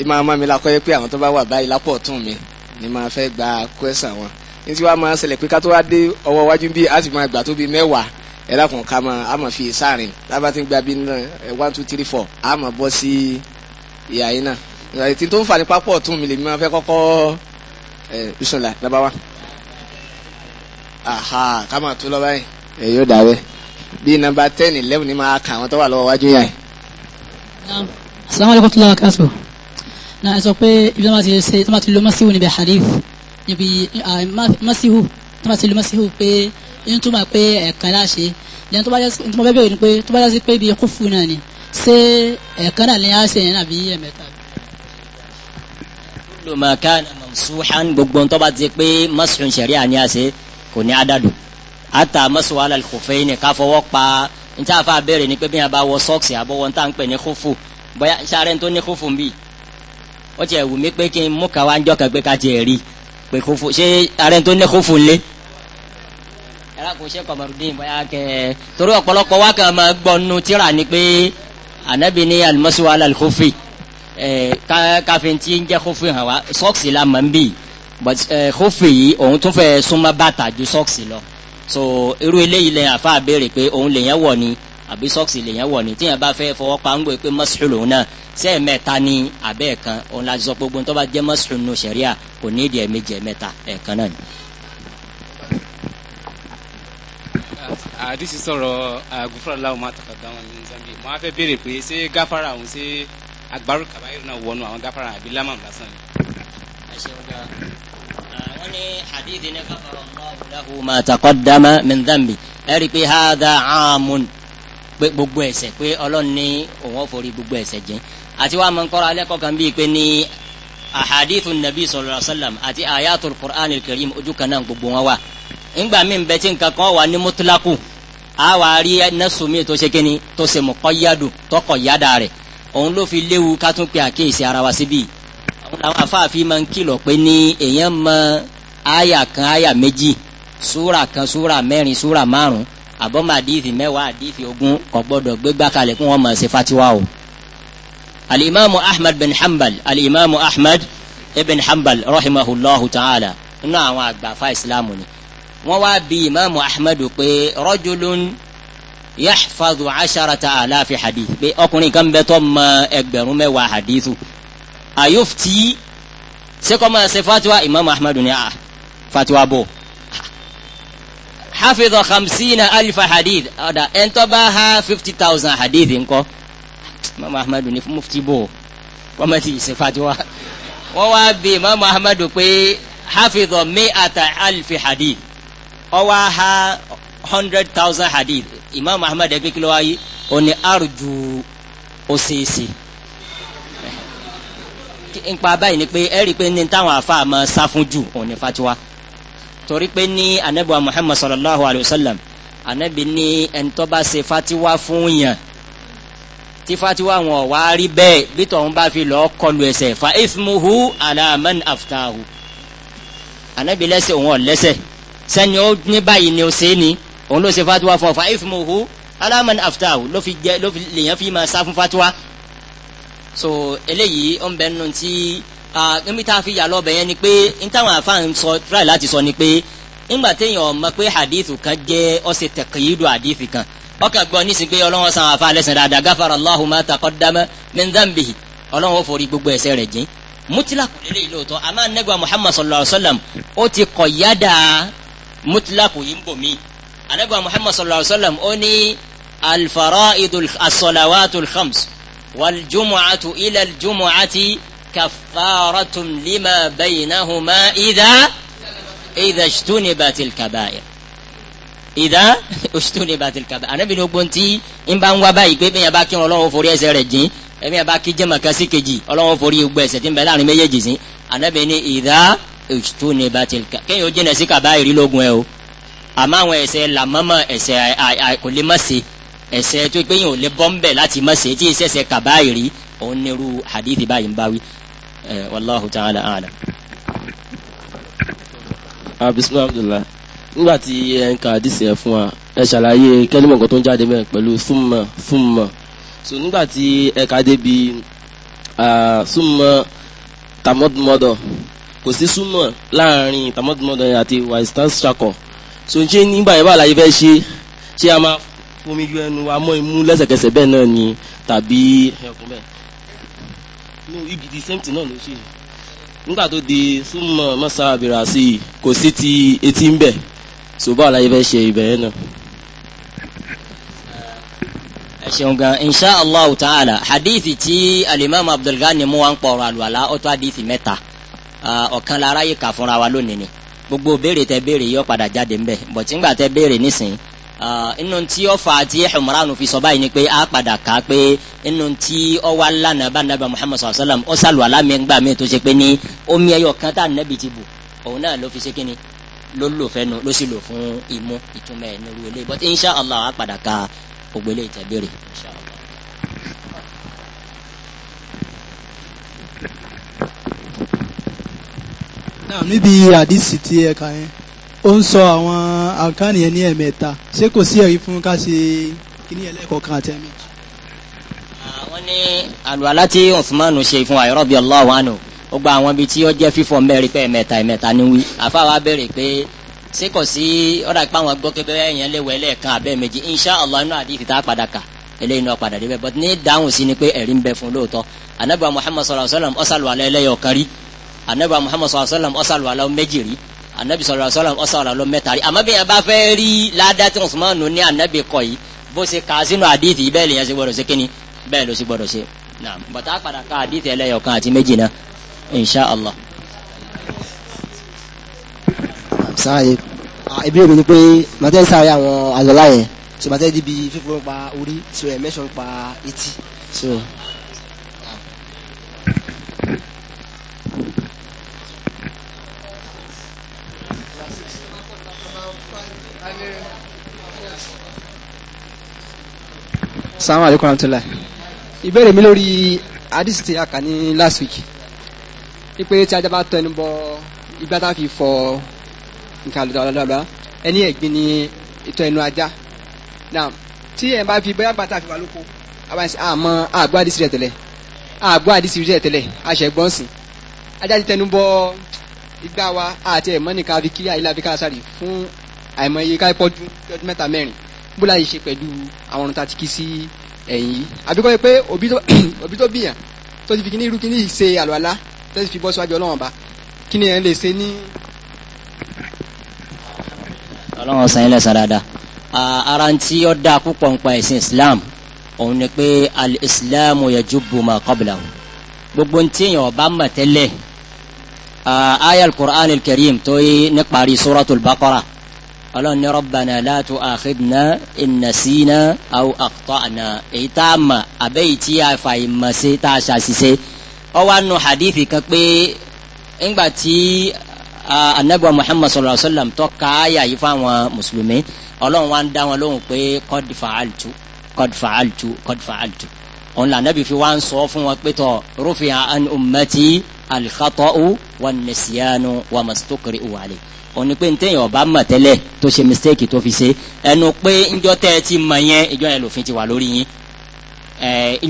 ìmọ̀ ọmọ mi lakọ́ yẹ pé àwọn tó bá wà báyìí lápò ọ̀tún mi ni máa fẹ́ gba kwẹ́sà wọn ní tí wàá máa ṣẹlẹ̀ pé ká tó wá dé ọwọ́ iwájú bíi á sì máa gbà tó bíi mẹ́wàá ẹ dákun ká máa a máa fi sáàrin tábà tí ń gba bí náà one two three four a máa bọ́ sí ìyá yín náà ìrètí tó ń fa ní pápọ̀ tún mi lè mi máa fẹ́ kọ́kọ́ ẹ bisimilá dábàá wa aha ká máa tó lọ báyìí ẹ yóò dà bẹ́ẹ̀ bí nọ́mbà ten eleven ni máa kà àwọn tó wà lọ́wọ́ wájú yà yìí. asalaamualeykum tí lọ́wọ́ kásò náà ẹ sọ pé ibi tí wọ́n ti ṣe tí wọ́n ti lo masihu níbi hadith níbi masihu tí wọ́n ti lo masihu pé ń túmọ̀ pé ẹ̀ẹ̀kan náà ṣe lẹ́yìn tó bá jẹ́ tó bá bẹ̀rẹ̀ ni pé tó bá jẹ́ pé bíi kúfù náà ni ṣé ẹ̀ẹ̀kan náà lẹ́yìn àṣẹ yẹn àbí ẹ̀mẹ́ta. kullu ma kana mamsuhan gbogbo tó bá ti pé masuhun sharia ni ase ṣe kò ní adadu ata masu ala al-khuffayn ká fọwọ́ pa n ta fa bẹ̀rẹ̀ ni pé bí yẹn bá wọ sọ́ọ̀sì àbọ̀wọ́ n ta ń pè ní kúfù bóyá sáré tó ní kúfù ń bì ó tiẹ̀ wù mí pé kí n mú kàwá ń jọ́ kàgbé ká tiẹ̀ rí pé kúfù ṣé arẹ́ntó ní kúfù ń lé ẹ̀rọ kò ṣe kọmọrùdín bóyá kẹ torí ọ̀pọ̀lọpọ̀ wa kàn máa gbọ́ nu tíra ni pé anabi ni alimọ́sí wa lálẹ́ kófì káfíntì ń jẹ́ kófì hàn wá sọ́ọ̀sì la mọ̀ ń bì but kófì yìí òun tún fẹ́ súnmọ́ bàtà ju sọ́ọ̀sì lọ so irú eléyìí lẹ́yìn àfa àbẹ̀rẹ̀ pé òun lèyàn wọ̀ ni àbí sọ́ọ̀sì lèyàn wọ̀ ni tíyẹn bá fẹ́ fọwọ́ pa ń gbé pé mọ́sùlù náà sẹ́ẹ̀mẹ́ta ní abẹ́ẹ̀kan òun la zọ gbogbo tó bá jẹ́ mọ́sùlù nù sẹ̀ríà kò ní ìdí ẹ̀mí jẹ́ mẹ́ta ẹ̀ẹ̀kan náà ni. àdìsí sọ̀rọ̀ àgùfàrà láwọn máa tàkàdá wọn ní Zambia mo á fẹ́ béèrè pé ṣé gáfàrà àwọn ṣé agbárò kàbáyìrì náà wọnú àwọn gáfàrà àbí lámàm lásán ni. Ah, wọ́n ní hadith ní gáfàrà Allahu lahu ma taqaddama min dhanbi ẹ rí i pé hadha amun pé gbogbo ẹ̀ṣẹ̀ pé Ọlọ́run ní òun ò gbogbo ẹ̀ṣẹ̀ jìn àti wàá mọ̀ ń alẹ́ kọ̀ọ̀kan bíi mí ń bẹ tí nǹkan kan wà ní a wà rí nẹ́sùn mi tó ṣe kíni tó ṣe mọ̀kọ́ yádùn tọkọ̀ yádà rẹ̀ òun ló fi léwu ká tún pe àkíyèsí ara wa síbí àwọn làwọn afáàfin máa ń kìlọ̀ pé ní èèyàn mọ àyà kan àyà méjì súrà kan súrà mẹ́rin súrà márùn-ún àbọ̀mọ̀ àdìsí mẹ́wàá àdìsí ogún kò gbọ́dọ̀ gbégbá kalẹ̀ kí wọ́n máa ṣe fatiwa o. alimami ahmed bin hanbal alimami ahmed ibn hanbal rahimahullahu ta'ala nínú àwọn àgbàfà ìsìlámù ni wọ́n wá bi imaamu ahmadu pé rọ́júlùn yaxfadu asharata alaafi hadith pé ọkùnrin kan bẹ tó mọ ẹgbẹ̀rún mẹ́wàá hadithu ayufti sekoma ṣe fatiwa imaamu ahmadu ni a ah, fatiwa bò hafidha khamsina alifa hadith ọ̀dà ẹ̀ńtọ́ ha fifty thousand hadith ńkọ́ imaamu ahmadu ni mufti bò wọ́n ti ṣe fatiwa wọ́n wá bi imaamu ahmadu pé hafidha mi ata alifi hadith ọwọ́ aha hundred thousand hadith imam ahmed ẹgbẹ́ kí ló wáyé òní arju oṣeéṣe nípa báyìí ni pé ẹ rí i pé ní táwọn afa máa sá fún jù òní fatiwa torí pé ní anabiwa muhammad sallallahu alayhi wa sallam anabi ní ẹnitọ́ bá ṣe fatiwa fún yàn tí fatiwa wọn wá rí bẹ́ẹ̀ bí tọ̀hún bá fi lọ́ọ́ kọlu ẹsẹ̀ fa ifmuhu ala aftahu anabi lẹ́sẹ̀ òun ọ̀ lẹ́sẹ̀ sẹ́ni ó ní báyìí ni ó ṣe é ni òun ló ṣe fatuwa fún ọ fa ifmuhu alaman aftahu ló fi jẹ ló fi lèyàn fi máa sá fún fatuwa so eléyìí ó ń bẹ nínú tí níbi tá a fi yà lọ bẹ̀yẹn ni pé n táwọn afáàn sọ tíráì láti sọ ni pé ńgbà téèyàn mọ̀ pé hadithu kan jẹ́ ọ̀sẹ̀ tẹ̀kìyìdù hadithi kan ọkàn gbọ́ ní sìnkú ọlọ́wọ́ san àfa alẹ́sìn dáadáa gáfara Allahu ma taqaddama min dhanbihi ọlọ́wọ́ forí gbogbo ẹ̀ṣẹ̀ rẹ̀ jìn mutila kò lélẹ́yìn lóòótọ́ àmọ́ anagba Muhammad sallallahu alayhi wa sallam ó ti kọ̀ yádàá mutlaq yìí ń bò mí anabi muhammad sallallahu alaihi wa sallam ó ní alfaraidu asolawatu alkhams waljumucatu ila aljumucati kafaratun lima baynahuma idha idha ijtunibat alkabair ìdá oṣù ní bàtí kaba ànábì ní ogbon tí ń bá ń wá báyìí pé bẹ́ẹ̀ bá kí wọn ọlọ́wọ́ forí ẹsẹ̀ rẹ̀ jìn ẹ̀mí ẹ̀ bá kí jẹ́mọ̀ kan sí kejì ọlọ́wọ́ forí gbogbo tí ń bẹ láàrin méjèèjì sí ànábì ní ìdá ètò ní batil ká kéèyàn ó jìnnà sí kaba ìrìlógún ẹ o àmọ́ àwọn ẹ̀ṣẹ̀ làmọ́mọ́ ẹ̀ṣẹ̀ kò lè má ṣe ẹ̀ṣẹ̀ tó pé yìí ò lè bọ́ ń bẹ̀ láti má ṣe tí ìṣẹ̀ṣẹ̀ kaba ìrì òun nírú hadithi báyìí ń báwí ẹ wallahu ta'ala a'lam. Ah, bisimilahi abdullahi nígbà tí ẹ ń ka àdìsí ẹ fún wa ẹ ṣàlàyé kẹ́límọ̀ nǹkan tó ń jáde mẹ́rin pẹ̀lú súnmọ́ súnmọ́ so nígbà tí ẹ ka débi ah, súnmọ́ tàmọ́dúnmọ́dọ̀ kò sí súnmọ̀ láàrin ìtàmọ́tòmọ́tò àti ìwà ìsítàṣàkọ̀ so ṣé nígbà yẹn bá àlàyé fẹ́ ṣe ṣé a máa fomi ju ẹnu wa mọ́ imú lẹ́sẹ̀kẹsẹ̀ bẹ́ẹ̀ náà ni tàbí ẹkùn bẹ́ẹ̀ no ibi di same thing náà ló ṣe nígbà tó di súnmọ̀ mọ́sá àbẹ̀rẹ̀ àti kò sí ti etí ń bẹ̀ so bá àlàyé fẹ́ ṣe ìbẹ̀rẹ̀ náà ṣeun gan insha allah ta'ala hadithi ti alimami abdulgani mu wa ń pọ̀rọ̀ àlùwàlá ó tó mẹ́ta ọ̀kan lára yìí kà fúnra wa lónìí ni gbogbo béèrè tẹ béèrè yóò padà jáde ńbẹ bọ̀tí ńgbà tẹ béèrè nísìnyí inú tí ó fa tí Umranu fi sọ báyìí ni pé a padà kà á pé inú tí ó wá lánàá bá nàbà Muhammad sallallahu alayhi wa sallam ó sàlù alámẹ́ngbà mi tó ṣe pé ní omi ẹyọ kan tá nàbì ti bù òun náà ló fi ṣe kí ni ló lò fẹnu ló sì lò fún imú ìtumọ̀ ẹ̀ ilé but insha náà níbi àdìsí tí ẹ kà yẹn ó ń sọ àwọn àkáàní yẹn ní ẹ̀mẹ́ta ṣé kò sí ẹ̀rí fún ká ṣe kíní ẹlẹ́kọ̀ọ́kan àti ẹ̀mí. wọ́n ní àlùwàlá tí Usmanu ṣe fún wa radiyallahu anhu ó gba àwọn ibi tí ó jẹ́ fífọ̀ mẹ́rin pé ẹ̀mẹ́ta ẹ̀mẹ́ta ni wí àfa wa béèrè pé ṣé kò sí ọ̀rọ̀ ìpá àwọn gbọ́kẹ́bẹ́ yẹn lè wẹ̀ lẹ́ẹ̀kan abẹ́ méjì insha allah inú àdìsí tá a padà kà eléyìí náà padà débẹ̀ but ní dáhùn sí ni pé ẹ̀rí ń bẹ fún lóòótọ́ anabi muhammad sallallahu alayhi wa sallam ọ̀sàlùwàlẹ̀ ẹlẹ́yọ̀ kárí anabi muhammad sallallahu alaihi wa sallam ọsàlù alọ méjì rí anabi sallallahu alaihi wa sallam ọsàlù alọ mẹ́ta rí àmọ́ bí yẹn bá fẹ́ rí ládàá tí usman ní anabi kọ yìí bó ṣe kà á sínú àdìtì bẹ́ẹ̀ lè yẹn ṣe gbọ́dọ̀ ṣe kíni bẹ́ẹ̀ ló ṣe gbọ́dọ̀ ṣe naam bàtà padà ká àdìtì ẹlẹ́yọ̀kan àti méjì náà insha allah. sáàyè ìbéèrè mi ni pé màtẹ́ sáré àwọn àlọ́lá yẹn so màtẹ́ di bíi fífọ́ pa orí so ẹ̀ pa etí so. salamu alaykum rahmatulah ìbéèrè mi lórí hadith tí a kà ní last week ipe tí ajá bá ẹnu bọ igbá tá a fi fọ nǹkan àlùdà ọ̀làdàbà ẹni ẹ̀gbin ni ìtọ́ ẹnu ajá náà tí ẹ̀ bá fi bóyá bàtà fi wà lóko àbáyé àmọ́ àgbọ̀ hadith rẹ̀ tẹ̀lẹ̀ àgbọ̀ hadith rẹ̀ tẹ̀lẹ̀ àṣẹgbọ́n sìn ajá ti tẹnu bọ igbá wa àti ẹ̀mọ́ nìkan àfi kí àyílá fi káàsárì fún àìmọye káìpọ́dún ọdún mẹ́ta mẹ́rin bó láyé ṣe pẹ̀lú àwọn ọ̀run tá a ti kí sí ẹ̀yìn yìí àbíkọ́ yẹ pé òbí tó bìyàn tó ti fi kíní irú kíní ṣe àlùwàlá tó ti fi bọ́ síwájú ọlọ́wọ́n ba kí ẹ̀ ń lè ṣe ní. ọlọ́wọ́n sàn ilẹ̀ sàn dáadáa ara ń tí ó dáa púpọ̀ nípa ẹ̀sìn Islam òun ni pé al-Islam yajubu ma qablahu gbogbo ń tí èèyàn ọba mọ̀ tẹ́lẹ̀ ayal Qur'an al-Karim tó yé níparí suratul Baqarah ọlọ́run ní rabbana la tu'akhidna in nasina aw akhta'na èyí tá a mọ̀ àbẹ́ yìí tí a fà ìmọ̀ sí tá a ṣàṣìṣe ọ wá nu hadithi kan pé ńgbà tí anabi muhammad sallallahu alaihi wa sallam tó ka àyà yìí fáwọn mùsùlùmí ọlọ́run wá ń dá wọn lóhùn pé qad fa'altu qad fa'altu qad fa'altu òun là nàbì fi wá ń sọ fún wọn pé tọ rufi'a an ummati al-khata'u wan nisyanu wa mastukri'u alayhi. òní pé ntẹ́yìn ọba mọ̀ tẹ́lẹ̀ tó ṣe mistake tó fi ṣe ẹnu pé njọ́ tẹ́ ẹ ti mọ̀ yẹn ìjọ yẹn lòfin ti wà lórí yín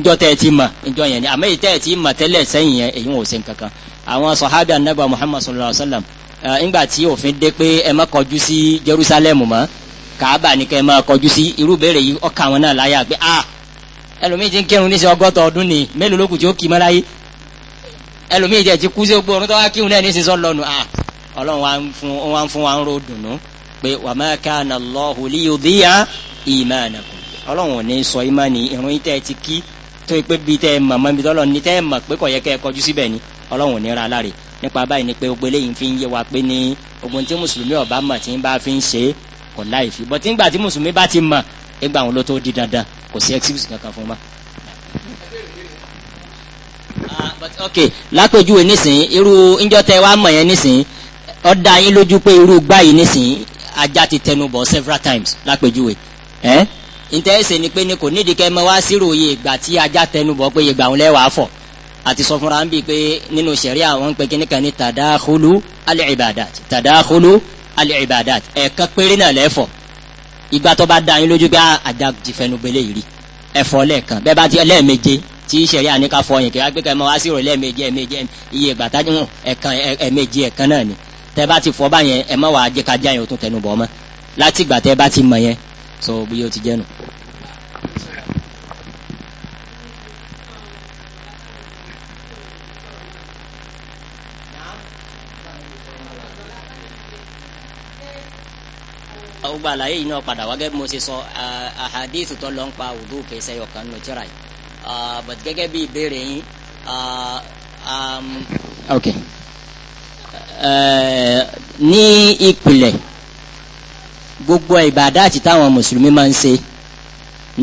njọ́ tẹ́ ẹ ti mọ̀ njọ́ yẹn ni àmọ́ èyí tẹ́ ẹ ti mọ̀ tẹ́lẹ̀ sẹ́yìn yẹn èyí ò ṣe nǹkankan àwọn sọ̀hábì anábà muhammad sallallahu alayhi wa sallam ńgbà tí jerusalem mọ́ kàábà ni kẹ́ ẹ má kọjú sí irú yìí ah ẹlòmíì ti ń kírun ní sin ọgọ́ta ọdún ni mélòó lókùn tí ó kì í mọ́ láyé ẹlòmíì ti kú sí ah ọlọ́run wa ń fún wa ń fún wa ń ro dùnú pé wa ma kana Allahu liyudhi'a imanakum ọlọ́run ò ní sọ ìmánì irun tẹ́ ẹ ti kí tó pé bíi tẹ́ ẹ mọ̀ mọ́ ibi tọ́lọ́ ní tẹ́ ẹ mọ̀ pé kò yẹ kẹ́ ẹ kọjú síbẹ̀ ni ọlọ́run ò ní ra aláre nípa báyìí ni pé gbogbo eléyìí fi ń yé wa pé ní ogun tí mùsùlùmí ọba mọ̀ tí ń bá fi ń ṣe kò láì fi bọ́tí tí mùsùlùmí bá ti mọ̀ wa. Ah, ok lápèjúwe nísìnyí irú ńjọ́ wa mọ̀ yẹn nísìnyí ó dá yín lójú pé irú gbáyìí nísìnyí ajá ti tẹnu bọ̀ several times lápèjúwe ẹ́ ǹtẹ́ ẹ̀sẹ̀ ni pé ni kò nídìí kẹ́ ẹ mọ wá sírò iye ìgbà tí ajá tẹnu bọ̀ pé iye ìgbà òun lẹ́wàá fọ̀ àti sọ fúnra ń bíi pé nínú sẹ̀ríà àwọn ń pe kíní kan ní tadakhulu al-ibadat tadakhulu al-ibadat ẹ̀ẹ̀kan péré náà lẹ́fọ̀ ìgbà tó bá dá yín lójú pé ah, ajá ti fẹnu gbélé yìí rí ẹ̀fọ́ lẹ́ẹ̀kan bẹ́ẹ̀ bá ti lẹ́ẹ̀méje tí sẹ̀ríà ní ká fọyín kí wá pé kẹ́ ẹ wá sírò lẹ́ẹ̀méje ẹ̀ẹ̀méje iye ìgbà tájú ẹ̀ẹ̀kan ẹ̀ẹ̀méje ẹ̀ẹ̀kan náà ni tẹ bá ti fọ báyẹn ẹ má wàá jẹ ká já yẹn o tún tẹnu bọ ọmọ láti ìgbà tẹ bá ti mọ yẹn so bí o ti jẹ nù. gbogbo àlàyé yìí náà padà wá gẹ́gẹ́ bí mo ṣe sọ àhàdíìsì tó lọ ń pa wudu kìí ṣe ọ̀kan nù tíra yìí but gẹ́gẹ́ bí ìbéèrè yín. Um, okay. Eh, ní ìpìlẹ̀ gbogbo ìbàdá àti táwọn mùsùlùmí máa ń ṣe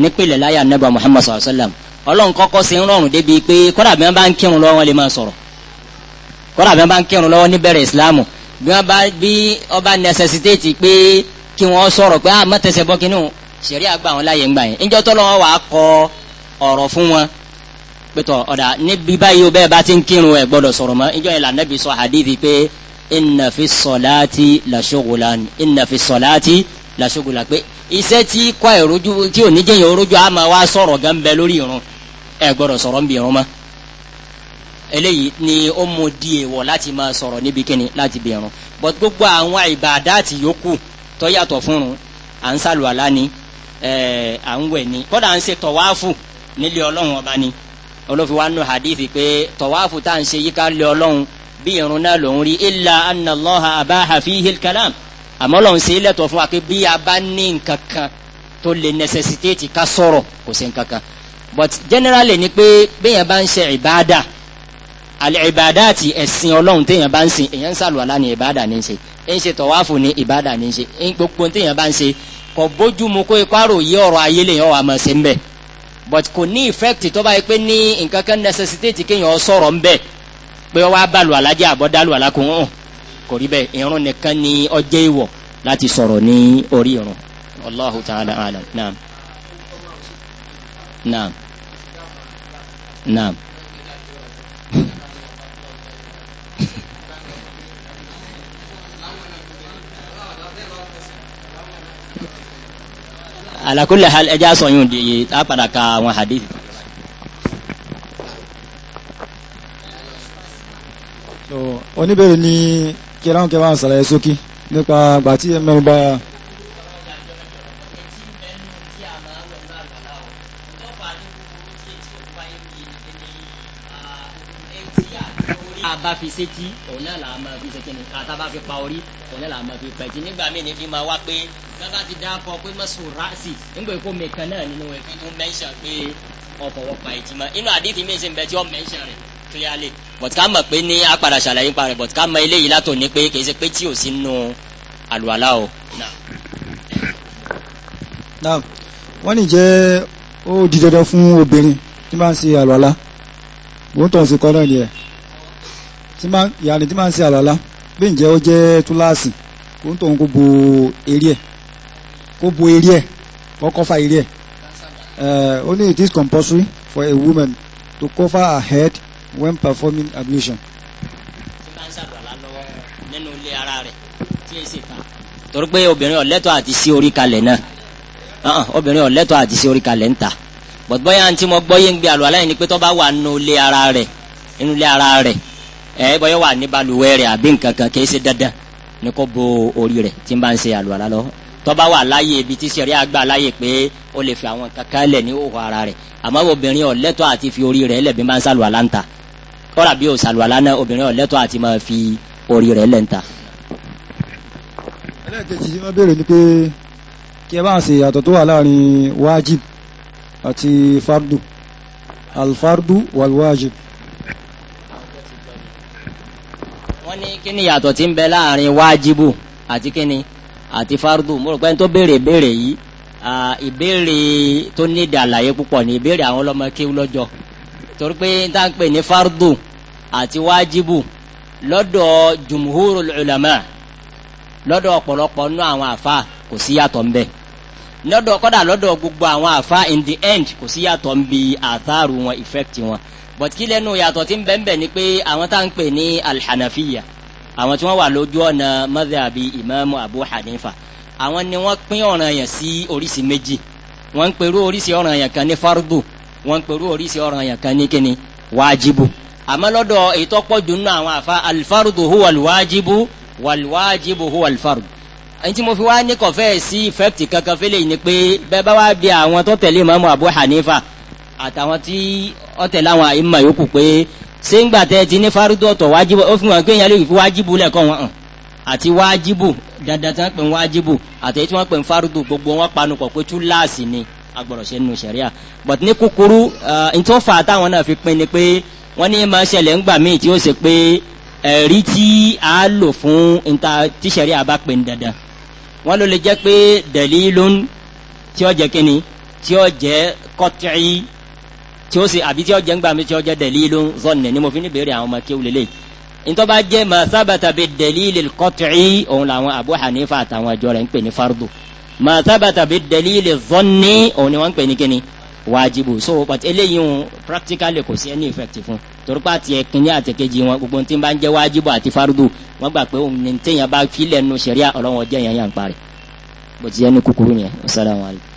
nípìlẹ̀ láyà nẹ́bà Muhammad sallallahu alayhi wa sallam ọlọ́run kọ́kọ́ ṣe ń rọrùn débi pé kọ́dà bí wọ́n bá ń kírun lọ́wọ́ wọn lè máa sọ̀rọ̀ kọ́dà bí wọ́n bá ń kírun lọ́wọ́ níbẹ̀rẹ̀ ìsìláàmù bí wọ́n bá bí ọba necessitate pé kí wọ́n sọ̀rọ̀ pé ah, wọn láyé pẹ̀tọ̀ ọ̀dà níbi báyìí o bẹ́ẹ̀ bá ti ń kírun ẹ̀ gbọ́dọ̀ sọ̀rọ̀ mọ́ ìjọ yẹn lànàbí sọ hadithi pé inna fi sọ̀láàtì làṣọ́gùlà inna fi sọ̀láàtì làṣọ́gùlà pé iṣẹ́ tí kọ́ ìrójú tí ò ní jẹ́yìn orójú a máa wá sọ̀rọ̀ gan bẹ lórí irun ẹ̀ gbọ́dọ̀ sọ̀rọ̀ ń bi irun mọ́ eléyìí ni ó mú di èèwọ̀ láti máa sọ̀rọ̀ níbi kíni láti bi irun but gbogbo àwọn ìbàdáàtì yòókù tó yàtọ̀ fúnrun à ń sàlùwàlá ni à ń wẹ̀ ni olófin wa nù hadithi pé tọ̀wáfù tá à ń ṣe yí ká lé ọlọ́run bí irun náà lòún rí illa anna Allaha abaha fihil kalam àmọ́ lọ́n ṣe lẹ́tọ̀ fún wa pé bí a bá ní nǹkan kan tó necessitate ká sọ̀rọ̀ kò sí nǹkan but generally ni pé béèyàn bá ń ṣe ìbáadà àlẹ́ ìbáadà àti ẹ̀sìn ọlọ́run téèyàn bá ń sìn èèyàn ń sàlùwàlá ní ìbáadà ní í ṣe ń ṣe tọ̀wáfù ní ìbáadà ní í ṣe gbogbo téèyàn bá ń ṣe kò bójú mu kó ipá ròyìn ọ̀rọ̀ ayé lèyàn wà máa ṣe ń bẹ́ẹ̀ but kò ní effect tó bá yẹ pé ní nǹkan kan necessitate kéèyàn sọ̀rọ̀ ń bẹ̀ pé wọ́n wá bàlù alájà àbọ̀dálù alákùnrin hàn kò rí bẹ́ẹ̀ irun nìkan ni ọjẹ́ ìwọ̀ láti sọ̀rọ̀ ní orí irun Allahu ta'ala alam naam naam naam. ala hal ẹja sọyún di tá a padà ka àwọn hadith. oníbèrè ni kíláwọn kẹwà ń sàlàyé sókè nípa àgbà tí mẹ́rin bá. bá fi sétí òun náà là á máa fi sétí ni àtàbà fi pa orí òun náà là máa fi pẹ̀tí nígbà míì ní fi máa wá pé lọ́la ti dáàkọ pé mọ́sùn ráàsì nígbà èkó mẹ́kan náà nínú ẹ̀ fi tún mẹ́ńṣà pé ọ̀pọ̀lọpọ̀ ìtìmọ̀ inú àdìtì mi sì ń bẹ tí ó mẹ́ńṣà rẹ̀ tó yá lè. but ká mọ̀ pé ní apàdà ṣàlàyé pa rẹ̀ but ká mọ eléyìí látò ní pé kì ṣe pé tí ò sí nù àlùwàlá o. naam wọ́n ní jẹ́ ó di dandan fún obìnrin tí máa ń ṣe àlùwàlá bó ń tọ̀ sí kọ́nà ni ẹ̀ ìyàrá tí máa ń ṣe àlùwàlá bí ǹjẹ́ ó jẹ́ túláàsì kó ń tọ̀ ń kó bo eré ẹ̀ kó bo eré ẹ̀ kó cover eré ẹ̀ eh, only it is compulsory for a woman to cover her head when performing ablution. tí bá ń ṣàlùwàlá lọ́wọ́ nínú ilé ara rẹ̀ tí èsì ta. torí pé obìnrin ọ̀lẹ́tọ̀ àti sí orí kalẹ̀ náà obìnrin ọ̀lẹ́tọ̀ àti sí orí kalẹ̀ ń ta bọ̀dbọ́yà tí mo gbọ́ yé gbé àlùwàlá yìí ni pé tó bá wà nínú ilé ara rẹ̀ nínú ilé ara rẹ̀ ẹ bọ́yọ̀ wà ní balùwẹ̀ rẹ̀ àbí nǹkan kan kì í ṣe dandan ni kò bo orí rẹ̀ tí n bá ń ṣe àlùwàlá lọ́wọ́ tọ́ba wà láyé ibi tí sẹ̀rí àgbà láyé pé ó lè fi àwọn kankan lẹ̀ ní òhò ara rẹ̀ àmọ́ obìnrin ọ̀lẹ́tọ̀ àti fi orí rẹ̀ lẹ̀ bí máa ń sàlùwà láǹtà kọ́ra bí o sàlùwà lánà obìnrin ọ̀lẹ́tọ̀ àti máa fi orí rẹ̀ lẹ̀ ń ta. wọ́n béèrè ni pé kí ẹ bá ń ṣe ìyàtọ̀ tó wà láàrin wájib àti fardu alfardu walwajib. wọ́n ní kí ni ìyàtọ̀ tí ń bẹ láàrin wájibu àti kí ni àti fardu mo rò pé tó béèrè béèrè yìí ìbéèrè tó nídìí àlàyé púpọ̀ ní ìbéèrè àwọn ọlọ́mọ kéwú lọ́jọ́ torí pé n tá pè ní fardu àti wájibu lọ́dọ̀ jumhurul ulama lọ́dọ̀ ọ̀pọ̀lọpọ̀ nínú àwọn àfa kò sí yàtọ̀ ńbẹ lọ́dọ̀ kọ́dà lọ́dọ̀ gbogbo àwọn àfa in the end kò sí yàtọ̀ ń bi àtàrù wọn effect wọn but kí lẹ́nu yàtọ̀ tí ń bẹ́ẹ̀ bẹ́ẹ̀ ni pé àwọn tá n pè ní alhanafiya àwọn tí wọ́n wà lójú ọ̀nà madhabi imaamu abu hanifa àwọn ni wọ́n pín ọ̀ràn yẹn sí oríṣi méjì wọ́n ń perú oríṣi ọ̀ràn yẹn kan ní fardu wọ́n ń perú oríṣi ọ̀ràn yẹn kan ní kíni wájibu àmọ́ lọ́dọ̀ ètò pọ̀jù nínú àwọn àfa alifarudu huwa alwajibu walwajibu huwa alifarudu ẹni tí mo fi wá ní kọfẹ́ sí ìfẹ́kìtì kankan fẹ́lẹ̀ ni pé bẹ́ẹ̀ bá wá bí àwọn tó tẹ̀lé imaamu abu hanifa àtàwọn tí ó tẹ̀lé àwọn àyè síngbà tẹ ti ní fárídù ọ̀tọ̀ wájibu ó fi hàn pé èèyàn lè fi wájibu lẹ́ẹ̀kan wọn hàn àti wájibu dandan tí wọ́n pè ń wájibu àtẹ̀yí tí wọ́n pè ń fárídù gbogbo wọn panupọ̀ pé ni agbọ̀dọ̀ ṣe nù sẹ̀ríà but ní kúkúrú ntọ́fà táwọn náà fi pín ni pé wọ́n ní máa ṣẹlẹ̀ ńgbà míì tí ó ṣe pé ẹ̀rí tí a lò fún nta tí sẹ̀ríà bá pè ń dandan wọ́n ló lè jẹ́ pé dalilun tí ó jẹ́ kíni tí tí ó sì àbí tí ó jẹ́ ńgbà mi tí ó jẹ́ dalilun zanni ni mo fi ní béèrè àwọn ọmọ kéwù lélẹ̀ ntọ́ba jẹ́ ma sábàtà bi dalilil qat'i òun làwọn Abu Hanifa àtàwọn àjọ rẹ̀ ń pè ní fardu ma sábàtà bi dalilil zanni òun ni wọ́n ń pè ní kíni wájibu so but eléyìí ń practically kò sí any effect fún torí pa tiẹ̀ kínní àtẹ̀kejì wọn gbogbo tí ń bá ń jẹ́ wájibu àti fardu wọ́n gbà pé òun ní téèyàn bá filẹ̀ nu sẹ̀ríà ọlọ́wọ́n jẹ́ yẹn yàn parẹ́ bó ti yẹ ní kúkúrú yẹn assalamu alaikum.